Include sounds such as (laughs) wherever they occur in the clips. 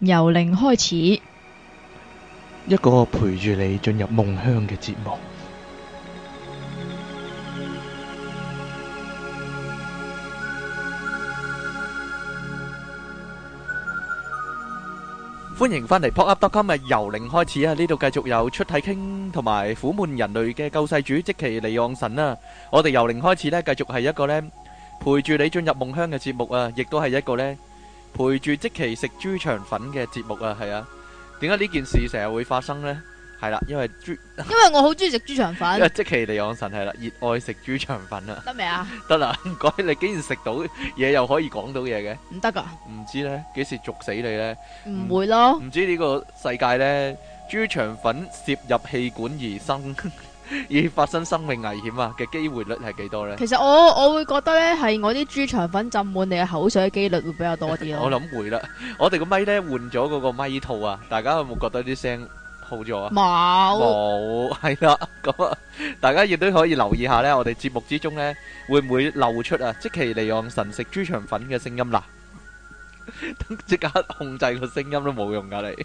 由零開始，一個陪住你進入夢鄉嘅節目。歡迎翻嚟，PodUp.com 今日由零開始啊！呢度繼續有出體傾同埋苦悶人類嘅救世主即奇利昂神啦。我哋由零開始咧，繼續係一個咧陪住你進入夢鄉嘅節目啊，亦都係一個咧。陪住即其食豬腸粉嘅節目啊，係啊，點解呢件事成日會發生呢？係啦、啊，因為豬，因為我好中意食豬腸粉。 (laughs) 因為即其地養神係啦，熱、啊、愛食豬腸粉啊。得未啊？得啦，唔該，你竟然食到嘢又可以講到嘢嘅？唔得噶？唔知呢，幾時逐死你呢？唔會咯？唔知呢個世界呢，豬腸粉攝入氣管而生。 (laughs) 而發生生命危險啊嘅機會率係幾多呢？其實我我會覺得呢，係我啲豬腸粉浸滿你嘅口水嘅幾率會比較多啲咯。我諗會啦，我哋個咪呢換咗嗰個咪套啊，大家有冇覺得啲聲好咗啊？冇，冇係啦，咁啊，大家亦都可以留意下呢，我哋節目之中呢會唔會漏出啊？即係利用神食豬腸粉嘅聲音啦，等即刻控制個聲音都冇用㗎你。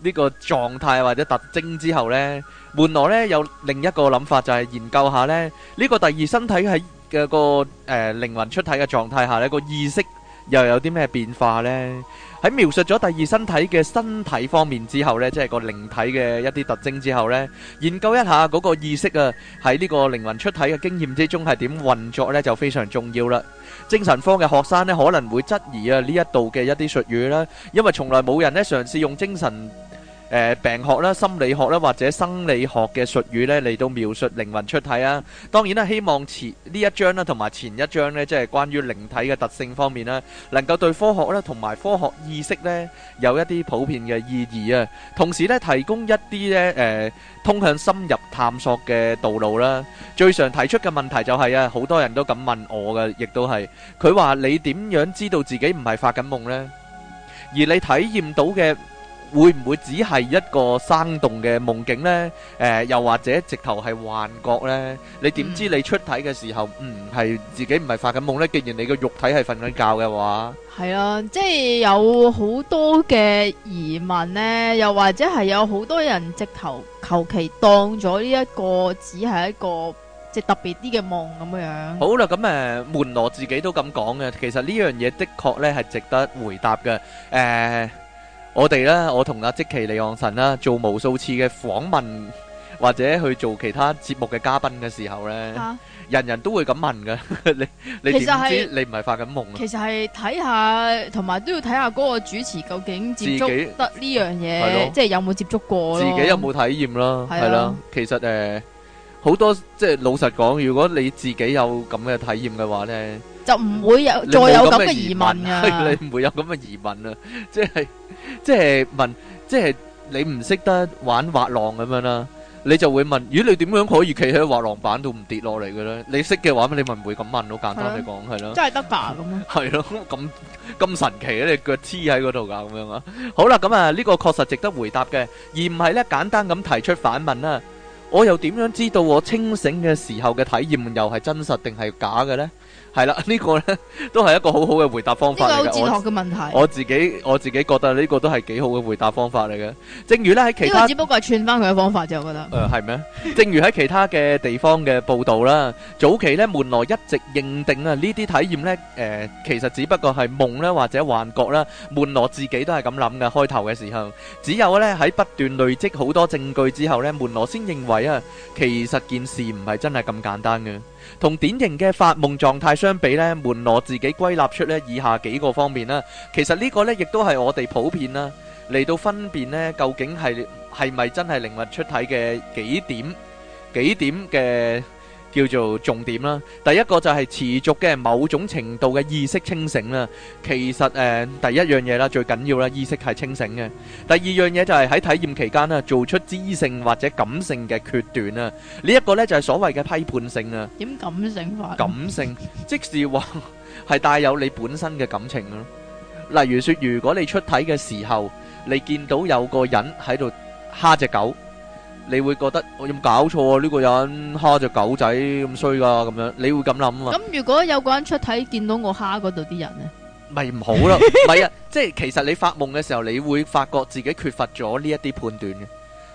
呢個狀態或者特徵之後呢，門羅呢有另一個諗法，就係研究下呢，呢個第二身體喺嘅個誒，靈魂出體嘅狀態下呢個意識又有啲咩變化呢？喺描述咗第二身體嘅身體方面之後呢，即係個靈體嘅一啲特徵之後呢，研究一下嗰個意識啊，喺呢個靈魂出體嘅經驗之中係點運作呢，就非常重要啦。精神科嘅學生呢可能會質疑啊，呢一度嘅一啲術語啦，因為從來冇人呢嘗試用精神。誒，病學啦、心理學啦或者生理學嘅術語呢嚟到描述靈魂出體啊！當然啦，希望前呢一章啦同埋前一章呢，即係關於靈體嘅特性方面啦，能夠對科學啦同埋科學意識呢有一啲普遍嘅意義啊！同時呢，提供一啲呢誒，通向深入探索嘅道路啦。最常提出嘅問題就係啊，好多人都咁問我嘅，亦都係佢話，你點樣知道自己唔係發緊夢呢？而你體驗到嘅。會唔會只係一個生動嘅夢境咧？誒，又或者直頭係幻覺咧？你點知你出體嘅時候，唔係自己唔係發緊夢咧？既然你個肉體係瞓緊覺嘅話，係啊，即係有好多嘅疑問咧，又或者係有好多人直頭求其當咗呢一個，只係一個即係特別啲嘅夢咁樣樣。好啦，咁誒，門羅自己都咁講嘅，其實呢樣嘢的確咧係值得回答嘅，誒。我哋咧，我同阿積奇李昂臣啦，做無數次嘅訪問或者去做其他節目嘅嘉賓嘅時候咧，人人都會咁問噶，你你其實係你唔係發緊夢啊？其實係睇下，同埋都要睇下嗰個主持究竟接觸得呢樣嘢，即係有冇接觸過？自己有冇體驗囉？係啦，其實誒，好多即係老實講，如果你自己有咁嘅體驗嘅話咧，就唔會有再有咁嘅疑問啊！你唔會有咁嘅疑問啊？即係。即係問，即係你唔識得玩滑浪咁樣啦，你就會問，如果你點樣可以企喺滑浪板度唔跌落嚟嘅咧？你識嘅話，你咪唔會咁問，好簡單嘅講係咯。啊、的真係得噶咁咯。係咯，咁咁神奇啊！你腳黐喺嗰度噶，咁 (laughs) 樣啊？好啦，咁啊呢個確實值得回答嘅，而唔係咧簡單咁提出反問啦、啊。我又點樣知道我清醒嘅時候嘅體驗又係真實定係假嘅咧？係啦，呢、這個呢都係一個好好嘅回答方法哲學嘅問題。我自己我自己覺得呢個都係幾好嘅回答方法嚟嘅。正如呢，喺其他只不過係串翻佢嘅方法就我覺得。誒、呃，係咩？ (laughs) 正如喺其他嘅地方嘅報道啦，早期呢門羅一直認定啊呢啲體驗呢，誒、呃，其實只不過係夢咧或者幻覺啦、啊。門羅自己都係咁諗嘅。開頭嘅時候，只有呢，喺不斷累積好多證據之後呢，門羅先認為啊，其實件事唔係真係咁簡單嘅。同典型嘅發夢狀態相比，呢門羅自己歸納出呢以下幾個方面啦。其實呢個呢，亦都係我哋普遍啦嚟到分辨呢，究竟係係咪真係靈魂出體嘅幾點幾點嘅。叫做重點啦，第一個就係持續嘅某種程度嘅意識清醒啦。其實誒、呃、第一樣嘢啦最緊要啦，意識係清醒嘅。第二樣嘢就係喺體驗期間啦，做出知性或者感性嘅決斷啦。呢一個呢，就係、係、所謂嘅批判性啊。點感性法？感性， (laughs) 即是話係帶有你本身嘅感情咯。例如説，如果你出體嘅時候，你見到有個人喺度蝦隻狗。你會覺得我有冇搞錯啊？呢個人蝦隻狗仔咁衰噶，咁樣你會咁諗啊？咁如果有個人出體見到我蝦嗰度啲人咧，咪唔好啦，係 (laughs) 啊，即係其實你發夢嘅時候，你會發覺自己缺乏咗呢一啲判斷嘅。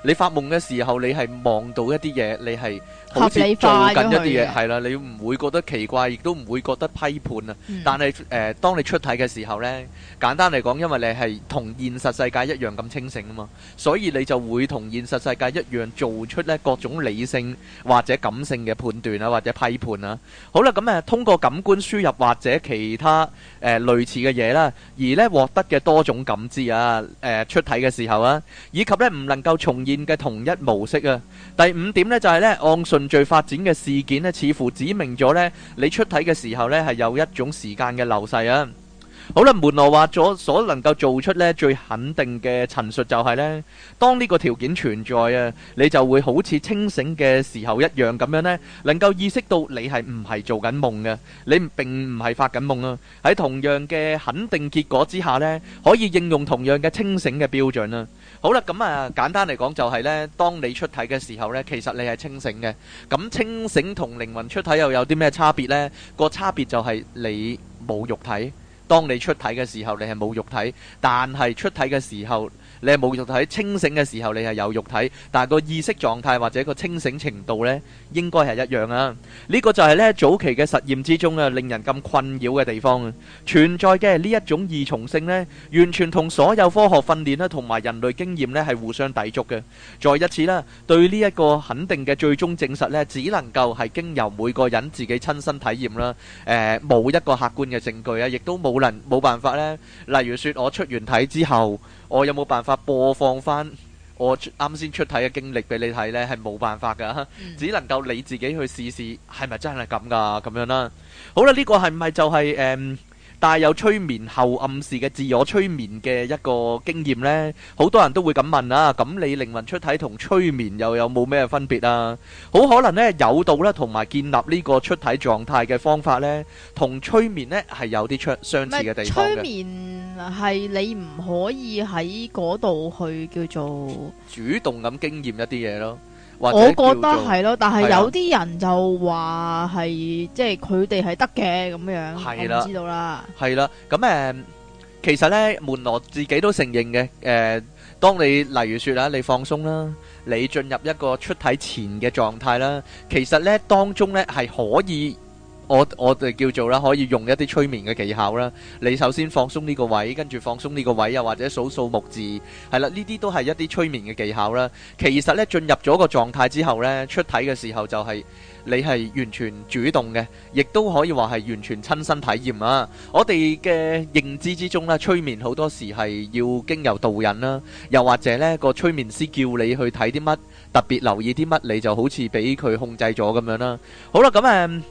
你發夢嘅時候，你係望到一啲嘢，你係好似做緊一啲嘢，係啦，你唔會覺得奇怪，亦都唔會覺得批判啊。但係誒，當你出體嘅時候咧，簡單嚟講，因為你係同現實世界一樣咁清醒啊嘛，所以你就會同現實世界一樣做出咧各種理性或者感性嘅判斷啊，或者批判啊。好啦，咁誒，通過感官輸入或者其他誒類似嘅嘢啦，而咧獲得嘅多種感知啊，誒出體嘅時候啊，以及咧唔能夠從。嘅同一模式啊，第五點呢，就係呢按順序發展嘅事件呢，似乎指明咗呢你出體嘅時候呢，係有一種時間嘅流逝啊。好啦，門羅話咗所能夠做出呢最肯定嘅陳述就係呢：當呢個條件存在啊，你就會好似清醒嘅時候一樣咁樣呢，能夠意識到你係唔係做緊夢嘅，你並唔係發緊夢啊。喺同樣嘅肯定結果之下呢，可以應用同樣嘅清醒嘅標準啊。好啦，咁啊，簡單嚟講就係咧，當你出體嘅時候咧，其實你係清醒嘅。咁清醒同靈魂出體又有啲咩差別咧？個差別就係你冇肉體。當你出體嘅時候，你係冇肉體；但係出體嘅時候，你係冇肉體。清醒嘅時候，你係有肉體，但係個意識狀態或者個清醒程度咧，應該係一樣啊！呢個就係咧，早期嘅實驗之中啊，令人咁困擾嘅地方啊，存在嘅呢一種異從性咧，完全同所有科學訓練啦同埋人類經驗咧係互相抵觸嘅。再一次啦，對呢一個肯定嘅最終證實咧，只能夠係經由每個人自己親身體驗啦。誒，冇一個客觀嘅證據啊，亦都冇。冇辦法呢？例如說我出完體之後，我有冇辦法播放翻我啱先出體嘅經歷俾你睇呢？係冇辦法噶，只能夠你自己去試試，係咪真係咁噶咁樣啦、啊？好啦，呢、這個係唔係就係、是、誒？嗯帶有有催眠後暗示嘅自我催眠嘅一個經驗咧，好多人都會咁問啦。咁你靈魂出體同催眠又有冇咩分別啊？好可能咧，誘導啦，同埋建立呢個出體狀態嘅方法咧，同催眠咧係有啲相相似嘅地方嘅。催眠係你唔可以喺嗰度去叫做主動咁經驗一啲嘢咯。我覺得係咯，但係有啲人就話係即係佢哋係得嘅咁樣，的我唔知道啦。係啦，咁、嗯、誒，其實咧，門羅自己都承認嘅。誒、嗯，當你例如説啦，你放鬆啦，你進入一個出體前嘅狀態啦，其實咧當中咧係可以。我我哋叫做啦，可以用一啲催眠嘅技巧啦。你首先放鬆呢個位，跟住放鬆呢個位，又或者數數目字，係啦，呢啲都係一啲催眠嘅技巧啦。其實咧，進入咗個狀態之後咧，出體嘅時候就係、是、你係完全主動嘅，亦都可以話係完全親身體驗啊。我哋嘅認知之中咧，催眠好多時係要經由導引啦，又或者咧、那個催眠師叫你去睇啲乜，特別留意啲乜，你就好似俾佢控制咗咁樣啦。好啦，咁、嗯、誒。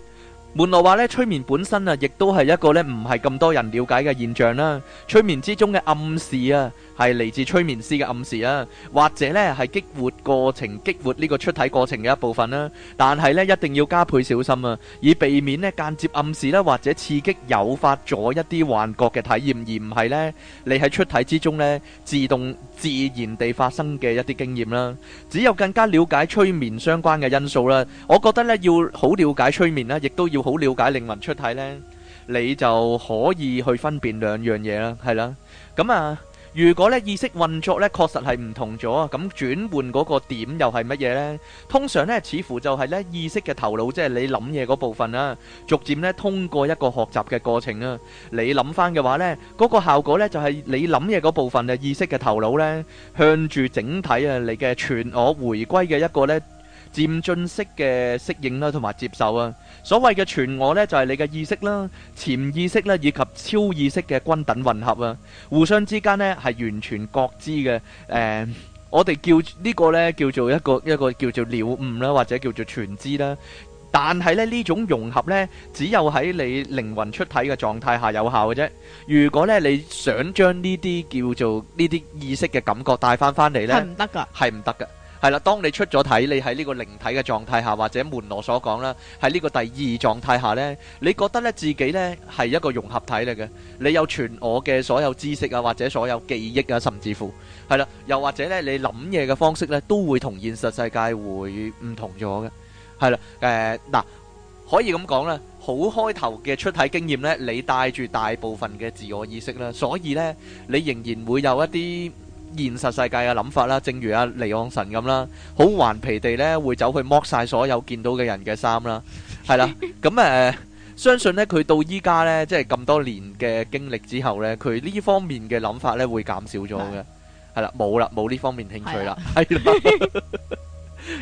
門羅話咧，催眠本身啊，亦都係一個咧唔係咁多人了解嘅現象啦。催眠之中嘅暗示啊，是來自催眠師的暗示，或者是激活過程，激活這個出體過程的一部分，但是一定要加倍小心，以避免間接暗示，或者刺激誘發了一些幻覺的體驗，而不是你在出體之中自動自然地發生的一些經驗，只有更加了解催眠相關的因素，我覺得要好了解催眠，也要好了解靈魂出體，你就可以去分辨兩樣東西，係啦。噉呀，如果咧意識運作咧確實係唔同咗啊，咁轉換嗰個點又係乜嘢咧？通常咧似乎就係咧意識嘅頭腦，即係你諗嘢嗰部分啦，逐漸咧通過一個學習嘅過程啦，你諗翻嘅話咧，嗰個效果咧就係你諗嘢嗰部分嘅意識嘅頭腦咧向住整體啊你嘅全我迴歸嘅一個咧。漸進式嘅適應啦，同埋接受啊。所謂嘅全我呢，就係、是、你嘅意識啦、潛意識咧以及超意識嘅均等混合啊，互相之間呢，係完全各知嘅。誒、呃，我哋叫呢、這個呢，叫做一個一個叫做了悟啦，或者叫做全知啦。但係咧呢種融合呢，只有喺你靈魂出體嘅狀態下有效嘅啫。如果呢，你想將呢啲叫做呢啲意識嘅感覺帶翻翻嚟呢，係唔得㗎，係唔得㗎。係啦，當你出咗體，你喺呢個靈體嘅狀態下，或者門羅所講啦，喺呢個第二狀態下呢，你覺得咧自己呢係一個融合體嚟嘅，你有全我嘅所有知識啊，或者所有記憶啊，甚至乎係啦，又或者咧你諗嘢嘅方式呢，都會同現實世界會唔同咗嘅。係啦，誒、呃、嗱、呃，可以咁講啦，好開頭嘅出體經驗呢，你帶住大部分嘅自我意識啦，所以呢，你仍然會有一啲。現實世界嘅諗法啦，正如阿尼盎神咁啦，好頑皮地咧會走去剝晒所有見到嘅人嘅衫啦，係啦，咁誒，相信咧佢到依家咧，即係咁多年嘅經歷之後咧，佢呢方面嘅諗法咧會減少咗嘅，係啦，冇啦，冇呢方面興趣啦，係啦，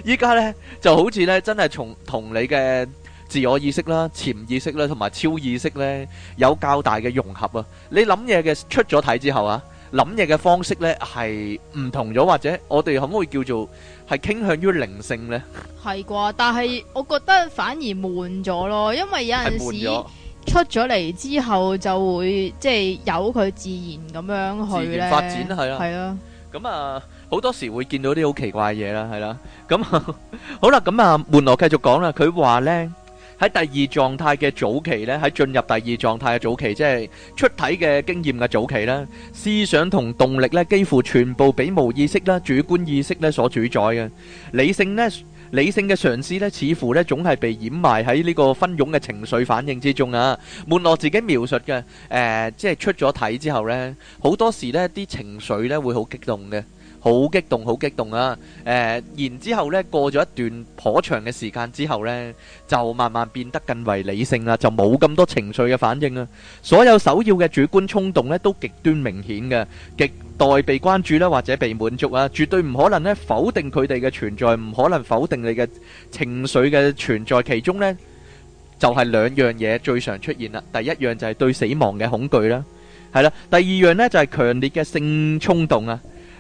依家咧就好似咧真係從同你嘅自我意識啦、潛意識啦同埋超意識咧有較大嘅融合啊！你諗嘢嘅出咗體之後啊！諗嘢嘅方式咧係唔同咗，或者我哋可唔可以叫做係傾向於靈性咧？係啩？但係我覺得反而悶咗咯，因為有陣時出咗嚟之後就會即係由佢自然咁樣去咧發展啦，係啦，係啦。咁啊，好多時會見到啲好奇怪嘢啦，係啦。咁好啦，咁啊，門羅繼續講啦。佢話咧。喺第二狀態嘅早期咧，喺進入第二狀態嘅早期，即係出體嘅經驗嘅早期咧，思想同動力咧，幾乎全部俾無意識啦、主觀意識咧所主宰嘅理性咧，理性嘅嘗試咧，似乎咧總係被掩埋喺呢個紛湧嘅情緒反應之中啊。門羅自己描述嘅誒，即係出咗體之後咧，好多時咧啲情緒咧會好激動嘅。好激動，好激動啊！誒，然之後咧，過咗一段頗長嘅時間之後咧，就慢慢變得更為理性啦，就冇咁多情緒嘅反應啊。所有首要嘅主觀衝動咧，都極端明顯嘅，亟待被關注啦，或者被滿足啊！絕對唔可能咧否定佢哋嘅存在，唔可能否定你嘅情緒嘅存在。其中咧就係兩樣嘢最常出現啦。第一樣就係對死亡嘅恐懼啦，係啦。第二樣咧就係強烈嘅性衝動啊！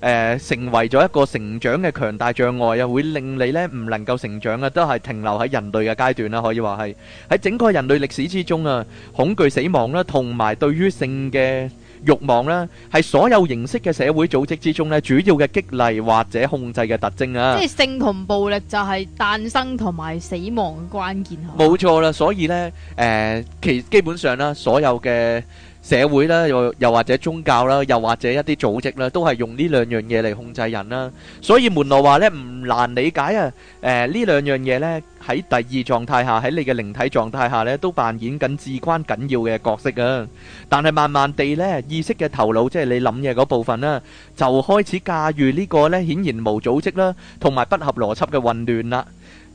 誒，成為咗一個成長嘅強大障礙啊，會令你咧唔能夠成長啊，都係停留喺人類嘅階段啦，可以話係喺整個人類歷史之中啊，恐懼死亡啦，同埋對於性嘅欲望咧，係所有形式嘅社會組織之中咧主要嘅激勵或者控制嘅特徵啊。即係性同暴力就係誕生同埋死亡嘅關鍵啊！冇錯啦，所以呢，誒，其基本上啦，所有嘅。社會啦，又又或者宗教啦，又或者一啲組織啦，都係用呢兩樣嘢嚟控制人啦。所以門羅話咧，唔難理解啊。誒，呢兩樣嘢咧喺第二狀態下，喺你嘅靈體狀態下咧，都扮演緊至關緊要嘅角色啊。但係慢慢地咧，意識嘅頭腦，即係你諗嘢嗰部分啦，就開始駕馭呢個咧，顯然無組織啦，同埋不合邏輯嘅混亂啦，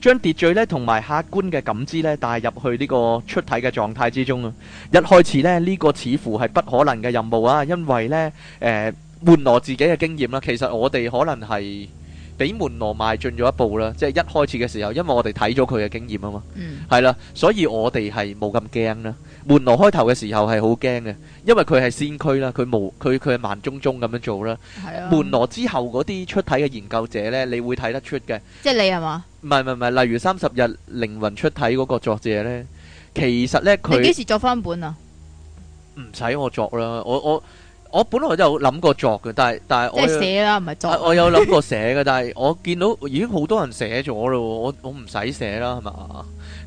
將秩序咧同埋客觀嘅感知咧帶入去呢個出體嘅狀態之中啊！一開始咧呢、呢個似乎係不可能嘅任務啊，因為咧誒、呃、門羅自己嘅經驗啦，其實我哋可能係比門羅邁進咗一步啦，即係一開始嘅時候，因為我哋睇咗佢嘅經驗啊嘛，係啦、嗯，所以我哋係冇咁驚啦。門羅開頭嘅時候係好驚嘅，因為佢係先驅啦，佢冇佢佢係慢中中咁樣做啦。係的啊，門羅之後嗰啲出體嘅研究者咧，你會睇得出嘅，即係你係嘛？唔係唔係，例如三十日靈魂出體嗰個作者咧，其實咧佢，你幾時作翻本啊？唔使我作啦，我我我本來都有諗過作嘅，但係但係我寫啦，唔係作、啊。我有諗過寫嘅， (laughs) 但係我見到已經好多人寫咗咯，我我唔使寫啦，係咪？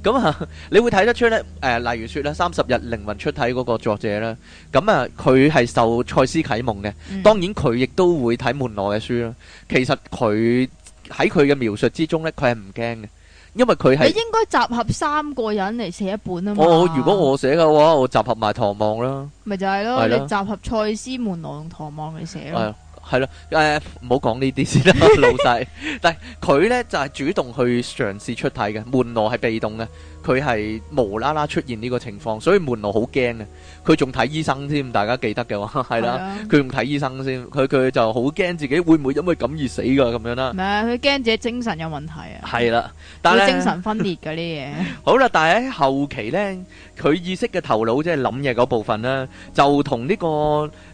咁啊，你會睇得出咧？誒、呃，例如說咧，三十日靈魂出體嗰個作者咧，咁啊，佢係受賽斯啟蒙嘅，嗯、當然佢亦都會睇門羅嘅書啦。其實佢。喺佢嘅描述之中咧，佢係唔驚嘅，因為佢係你應該集合三個人嚟寫一本啊嘛。我、哦、如果我寫嘅話，我集合埋唐望啦，咪 (noise) 就係咯，的你集合蔡斯門羅同唐望嚟寫咯，係咯、哎，誒，唔好講呢啲先啦， (laughs) 老細。但係佢咧就係、是、主動去嘗試出體嘅，門羅係被動嘅。佢係無啦啦出現呢個情況，所以門羅好驚嘅。佢仲睇醫生先，大家記得嘅話，係啦。佢唔睇醫生先，佢佢就好驚自己會唔會因為咁而死㗎咁樣啦。唔係，佢驚自己精神有問題啊。係啦，但係精神分裂嗰啲嘢。好啦，但係喺後期咧，佢意識嘅頭腦即係諗嘢嗰部分啦，就同呢個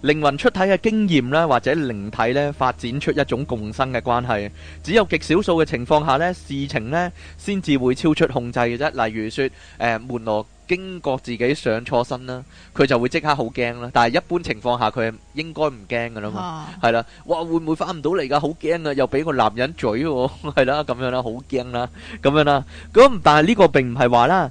靈魂出體嘅經驗啦，或者靈體咧發展出一種共生嘅關係。只有極少數嘅情況下咧，事情咧先至會超出控制嘅啫。例如如說，誒、呃，門羅驚覺自己上錯身啦，佢就會即刻好驚啦。但係一般情況下，佢應該唔驚噶啦嘛，係啦、啊。哇，會唔會翻唔到嚟㗎？好驚啊！又俾個男人嘴喎、啊，係啦，咁樣啦，好驚啦，咁樣啦。咁但係呢個並唔係話啦。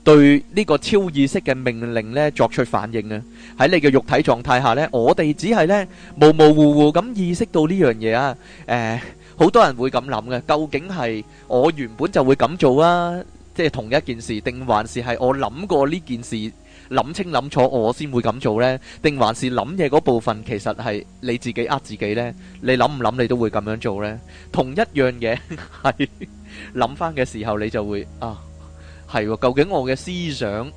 對呢個超意識嘅命令呢，作出反應啊！喺你嘅肉體狀態下呢，我哋只係呢，模模糊糊咁意識到呢樣嘢啊！誒，好多人會咁諗嘅，究竟係我原本就會咁做啊？即係同一件事，定還是係我諗過呢件事諗清諗楚，我先會咁做呢？定還是諗嘢嗰部分其實係你自己呃自己呢？你諗唔諗你都會咁樣做呢？同一樣嘢，係諗翻嘅時候你就會啊。係喎，究竟我嘅思想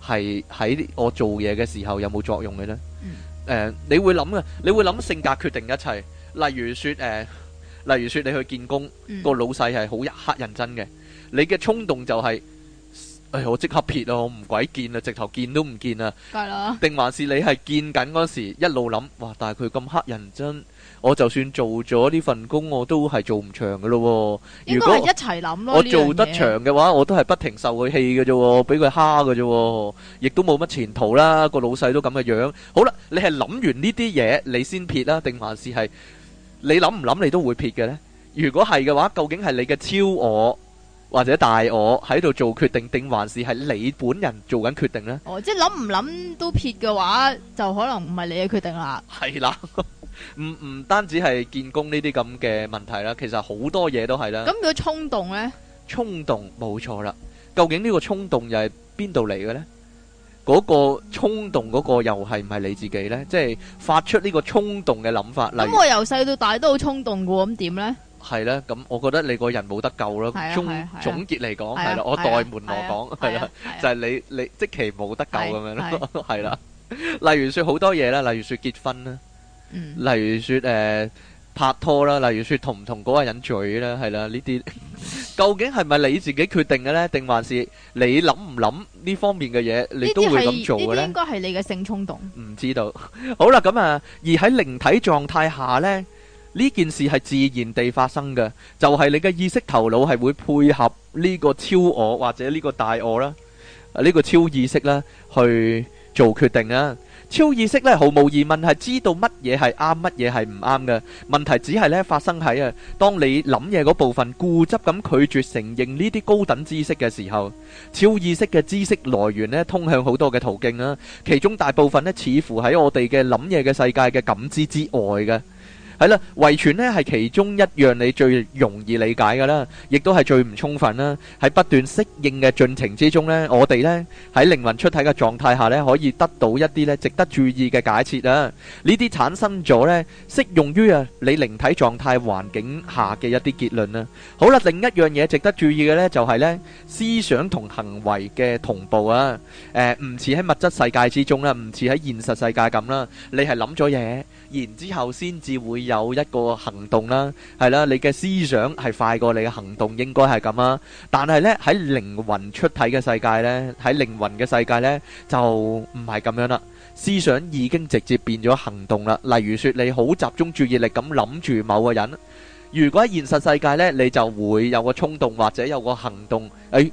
係喺我做嘢嘅時候有冇作用嘅呢？誒，你會諗啊，你會諗性格決定一切。例如説，誒，例如説你去見工，個老細係好乞人憎嘅，你嘅衝動就係。哎，我即刻撇啊！我唔鬼見啊，直頭見都唔見啊！係啦，定還是你係見緊嗰時一路諗，哇！但係佢咁黑人憎，我就算做咗呢份工，我都係做唔長噶咯。如果一齊諗咯，我做得長嘅話，我都係不停受佢氣嘅啫，俾佢蝦噶啫，亦都冇乜前途啦。個老細都咁嘅樣。好啦，你係諗完呢啲嘢，你先撇啦，定還是係你諗唔諗你都會撇嘅呢？如果係嘅話，究竟係你嘅超我？或者大我喺度做決定，定還是係你本人做緊決定咧？哦，即係諗唔諗都撇嘅話，就可能唔係你嘅決定啦。係啦，唔唔單止係建功呢啲咁嘅問題啦，其實好多嘢都係啦。咁如果衝動咧？衝動冇錯啦。究竟呢個衝動又係邊度嚟嘅咧？嗰個衝動嗰個又係唔係你自己咧？即係發出呢個衝動嘅諗法啦。咁我由細到大都好衝動嘅喎，咁點咧？係啦，咁我覺得你個人冇得救咯。總總結嚟講，係啦，我代門羅講，係啦，就係你你即期冇得救咁樣咯，係啦。例如說好多嘢啦，例如說結婚啦，例如說誒拍拖啦，例如說同唔同嗰個人嘴啦，係啦呢啲，究竟係咪你自己決定嘅呢，定還是你諗唔諗呢方面嘅嘢，你都會咁做嘅咧？應該係你嘅性衝動。唔知道。好啦，咁啊，而喺靈體狀態下呢。呢件事係自然地發生嘅，就係你嘅意識頭腦係會配合呢個超我或者呢個大我啦，呢個超意識啦去做決定啊。超意識呢，毫無疑問係知道乜嘢係啱，乜嘢係唔啱嘅。問題只係呢，發生喺啊，當你諗嘢嗰部分固執咁拒絕承認呢啲高等知識嘅時候，超意識嘅知識來源呢，通向好多嘅途徑啦，其中大部分呢，似乎喺我哋嘅諗嘢嘅世界嘅感知之外嘅。係啦，遺傳咧係其中一樣你最容易理解嘅啦，亦都係最唔充分啦。喺不斷適應嘅進程之中咧，我哋咧喺靈魂出體嘅狀態下咧，可以得到一啲咧值得注意嘅解設啊。呢啲產生咗咧，適用於啊你靈體狀態環境下嘅一啲結論啊。好啦，另一樣嘢值得注意嘅咧，就係咧思想同行為嘅同步啊。誒，唔似喺物質世界之中啦，唔似喺現實世界咁啦，你係諗咗嘢。然之後先至會有一個行動啦，係啦，你嘅思想係快過你嘅行動，應該係咁啊。但係呢，喺靈魂出體嘅世界呢，喺靈魂嘅世界呢，就唔係咁樣啦。思想已經直接變咗行動啦。例如說你好集中注意力咁諗住某個人，如果喺現實世界呢，你就會有個衝動或者有個行動，誒、哎，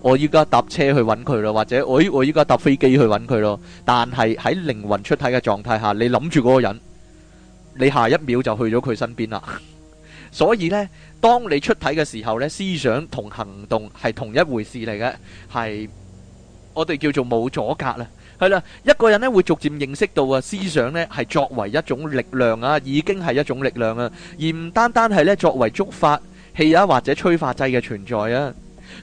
我要而家搭車去揾佢咯，或者、哎、我我依家搭飛機去揾佢咯。但係喺靈魂出體嘅狀態下，你諗住嗰個人。你下一秒就去咗佢身邊啦， (laughs) 所以呢，當你出體嘅時候咧，思想同行動係同一回事嚟嘅，係我哋叫做冇阻隔啦，係啦，一個人咧會逐漸認識到啊，思想咧係作為一種力量，啊，已經係一種力量啊，而唔單單係咧作為觸發器啊或者催化劑嘅存在啊。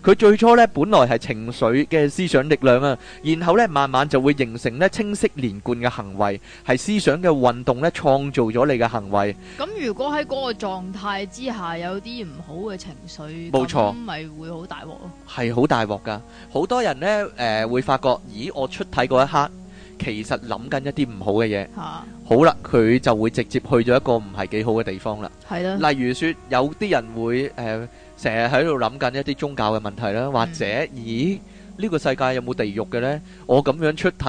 佢最初呢本來係情緒嘅思想力量啊，然後呢慢慢就會形成呢清晰連貫嘅行為，係思想嘅運動呢創造咗你嘅行為。咁如果喺嗰個狀態之下有啲唔好嘅情緒，冇錯，咁咪會好大鑊咯。係好大鑊噶，好多人呢誒會發覺，咦，我出體嗰一刻，其實諗緊一啲唔好嘅嘢。吓，好啦，佢就會直接去咗一個唔係幾好嘅地方啦。係啦，例如說有啲人會誒。成日喺度諗緊一啲宗教嘅問題啦，或者，嗯、咦？呢、呢個世界有冇地獄嘅呢？嗯、我咁樣出體，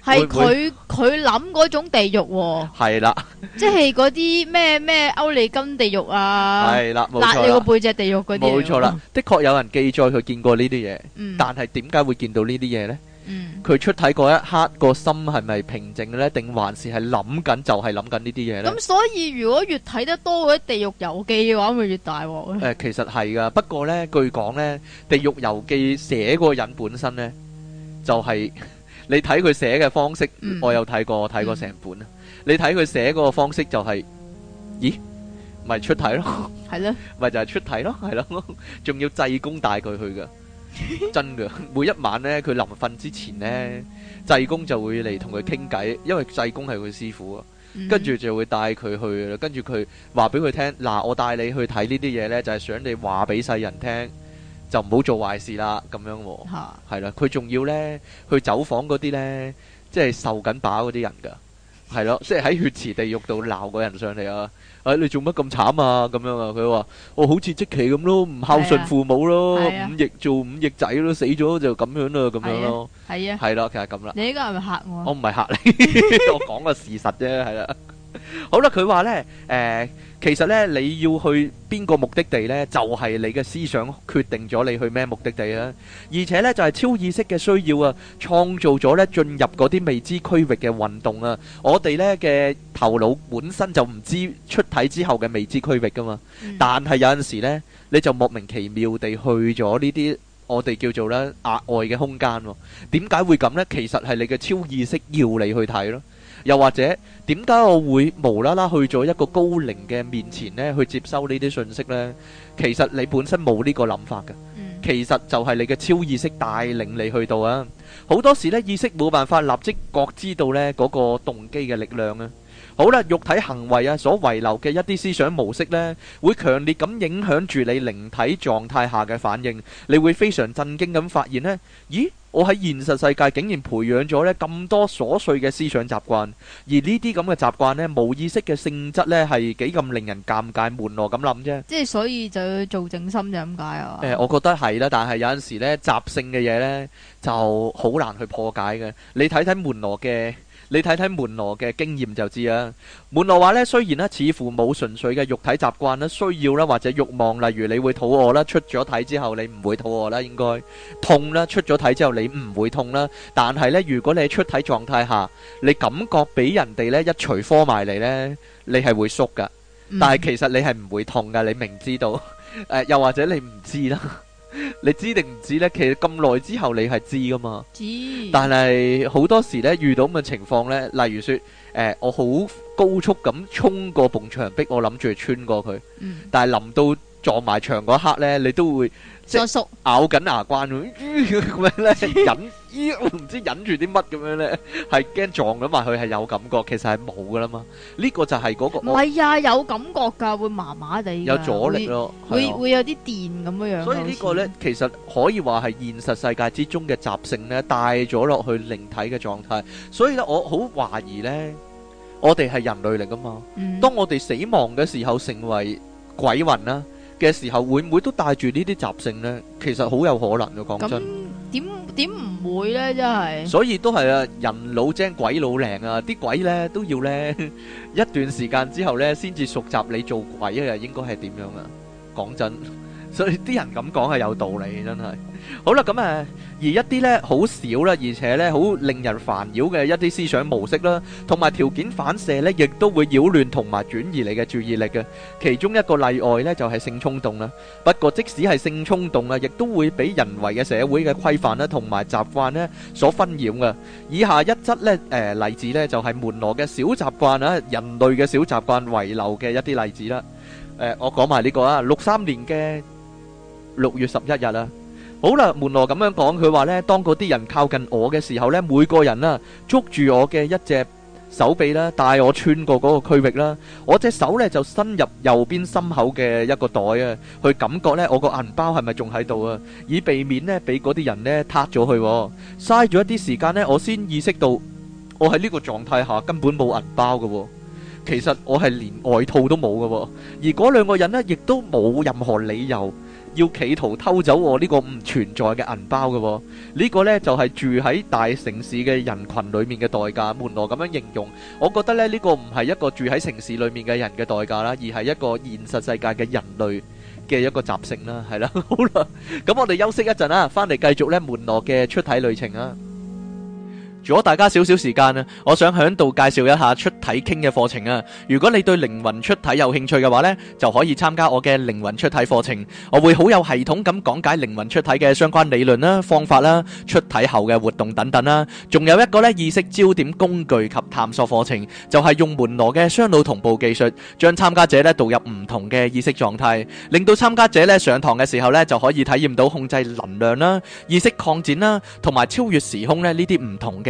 係佢佢諗嗰種地獄喎、啊。係啦，即係嗰啲咩咩歐利金地獄啊，嗱你個背脊地獄嗰啲。冇錯啦，的確有人記載佢見過呢啲嘢，嗯、但係點解會見到呢啲嘢呢？佢出體嗰一刻個心係咪平靜嘅咧？定還是係諗緊就係諗緊呢啲嘢咧？咁所以如果越睇得多嗰啲《地獄遊記》嘅話，咪越大鑊咯？誒，其實係噶，不過咧，據講咧，《地獄遊記》寫嗰人本身咧，就係你睇佢寫嘅方式，我有睇過，睇過成本啦。你睇佢寫嗰個方式就係，咦？咪出體咯，係咧？咪就係出體咯，係咯？仲要濟公帶佢去噶。 (laughs) 真噶，每一晚呢，佢臨瞓之前呢，濟、嗯、公就會嚟同佢傾偈，嗯、因為濟公係佢師傅，跟住就會帶佢去，跟住佢話俾佢聽，嗱、嗯啊，我帶你去睇呢啲嘢呢，就係、是、想你話俾世人聽，就唔好做壞事啦，咁樣、啊，係啦、嗯，佢仲要呢，去走訪嗰啲呢，即係受緊把嗰啲人噶，係咯，即係喺血池地獄度鬧個人上嚟啊！哎，你做乜咁慘啊？咁樣啊？佢話我好似即奇咁咯，唔孝順父母咯，啊、五役做五役仔咯，死咗就咁樣啦，咁樣咯。係啊。係咯、啊，其實咁啦。你呢個係咪吓我？我唔係吓你， (laughs) (laughs) 我講個事實啫，係啦。 (laughs) 好啦，佢話呢，誒、呃，其實呢，你要去邊個目的地呢？就係、是、你嘅思想決定咗你去咩目的地啦、啊。而且呢，就係、是、超意識嘅需要啊，創造咗呢進入嗰啲未知區域嘅運動啊。我哋呢嘅頭腦本身就唔知出體之後嘅未知區域噶、啊、嘛，嗯、但係有陣時呢，你就莫名其妙地去咗呢啲我哋叫做呢額外嘅空間、啊。點解會咁呢？其實係你嘅超意識要你去睇咯、啊。又或者，點解我會無啦啦去咗一個高靈嘅面前咧，去接收呢啲信息咧？其實你本身冇呢個諗法嘅，其實就係你嘅超意識帶領你去到啊。好多時咧，意識冇辦法立即覺知到咧嗰個動機嘅力量啊。好啦，肉體行為啊，所遺留嘅一啲思想模式咧，會強烈咁影響住你靈體狀態下嘅反應。你會非常震驚咁發現咧，咦？我喺現實世界竟然培養咗呢咁多瑣碎嘅思想習慣，而呢啲咁嘅習慣呢，無意識嘅性質呢，係幾咁令人尷尬門羅咁諗啫。即係所以就要做正心就咁解啊。誒，我覺得係啦，但係有陣時呢，習性嘅嘢呢，就好難去破解嘅。你睇睇門羅嘅。你睇睇門羅嘅經驗就知啊。門羅話咧，雖然咧，似乎冇純粹嘅肉體習慣啦、需要啦、或者欲望，例如你會肚餓啦，出咗體之後你唔會肚餓啦，應該痛啦，出咗體之後你唔會痛啦。但係咧，如果你喺出體狀態下，你感覺俾人哋咧一除科埋嚟，咧，你係會縮噶，嗯、但係其實你係唔會痛噶，你明知道，誒、 (laughs) 呃，又或者你唔知啦。你知定唔知呢？其實咁耐之後你係知噶嘛？知，但係好多時呢，遇到咁嘅情況呢，例如說，誒、呃，我好高速咁衝過埲牆壁，我諗住穿過去，嗯、但係臨到。撞埋牆嗰刻咧，你都會即縮咬緊牙關咁樣咧，忍依我唔知忍住啲乜咁樣咧，係驚撞咗埋去係有感覺，其實係冇噶啦嘛。呢個就係嗰個唔係呀，有感覺噶會麻麻地有阻力咯，會會有啲電咁樣樣。所以呢個咧，其實可以話係現實世界之中嘅習性咧，帶咗落去靈體嘅狀態。所以咧，我好懷疑咧，我哋係人類嚟噶嘛？當我哋死亡嘅時候，成為鬼魂啦，嘅時候會唔會都帶住呢啲習性呢？其實好有可能嘅，講真。咁點點唔會呢？真係。所以都係啊，人老精鬼老靈啊，啲鬼呢都要呢一段時間之後呢先至熟習你做鬼啊。日應該係點樣啊？講真。所以啲人咁講係有道理，真係好啦。咁誒，而一啲咧好少咧，而且咧好令人煩擾嘅一啲思想模式啦，同埋條件反射咧，亦都會擾亂同埋轉移你嘅注意力嘅。其中一個例外咧就係性衝動啦。不過即使係性衝動啊，亦都會俾人為嘅社會嘅規範啦，同埋習慣咧所熏染嘅。以下一則咧誒例子咧就係門羅嘅小習慣啊，人類嘅小習慣遺留嘅一啲例子啦。誒，我講埋呢個啊，六三年嘅。六月十一日啦，好啦，門羅咁樣講，佢話咧，當嗰啲人靠近我嘅時候咧，每個人啦，捉住我嘅一隻手臂啦，帶我穿過嗰個區域啦，我隻手咧就伸入右邊心口嘅一個袋啊，去感覺咧我個銀包係咪仲喺度啊，以避免咧俾嗰啲人咧撻咗去。嘥咗一啲時間咧，我先意識到我喺呢個狀態下根本冇銀包噶，其實我係連外套都冇噶，而嗰兩個人咧亦都冇任何理由，要企圖偷走我呢個唔存在嘅銀包嘅、哦，呢、這個呢，就係、是、住喺大城市嘅人群裏面嘅代價。門羅咁樣形容，我覺得咧呢、這個唔係一個住喺城市裏面嘅人嘅代價啦，而係一個現實世界嘅人類嘅一個習性啦，係啦，好啦，咁 (laughs) 我哋休息一陣啦，翻嚟繼續咧門羅嘅出體旅程啦。如果大家少少時間啊，我想喺度介紹一下出體傾嘅課程啊！如果你對靈魂出體有興趣嘅話咧，就可以參加我嘅靈魂出體課程。我會好有系統咁講解靈魂出體嘅相關理論啦、方法啦、出體後嘅活動等等啦。仲有一個咧意識焦點工具及探索課程，就係用門羅嘅雙腦同步技術，將參加者咧導入唔同嘅意識狀態，令到參加者咧上堂嘅時候咧就可以體驗到控制能量啦、意識擴展啦，同埋超越時空咧呢啲唔同嘅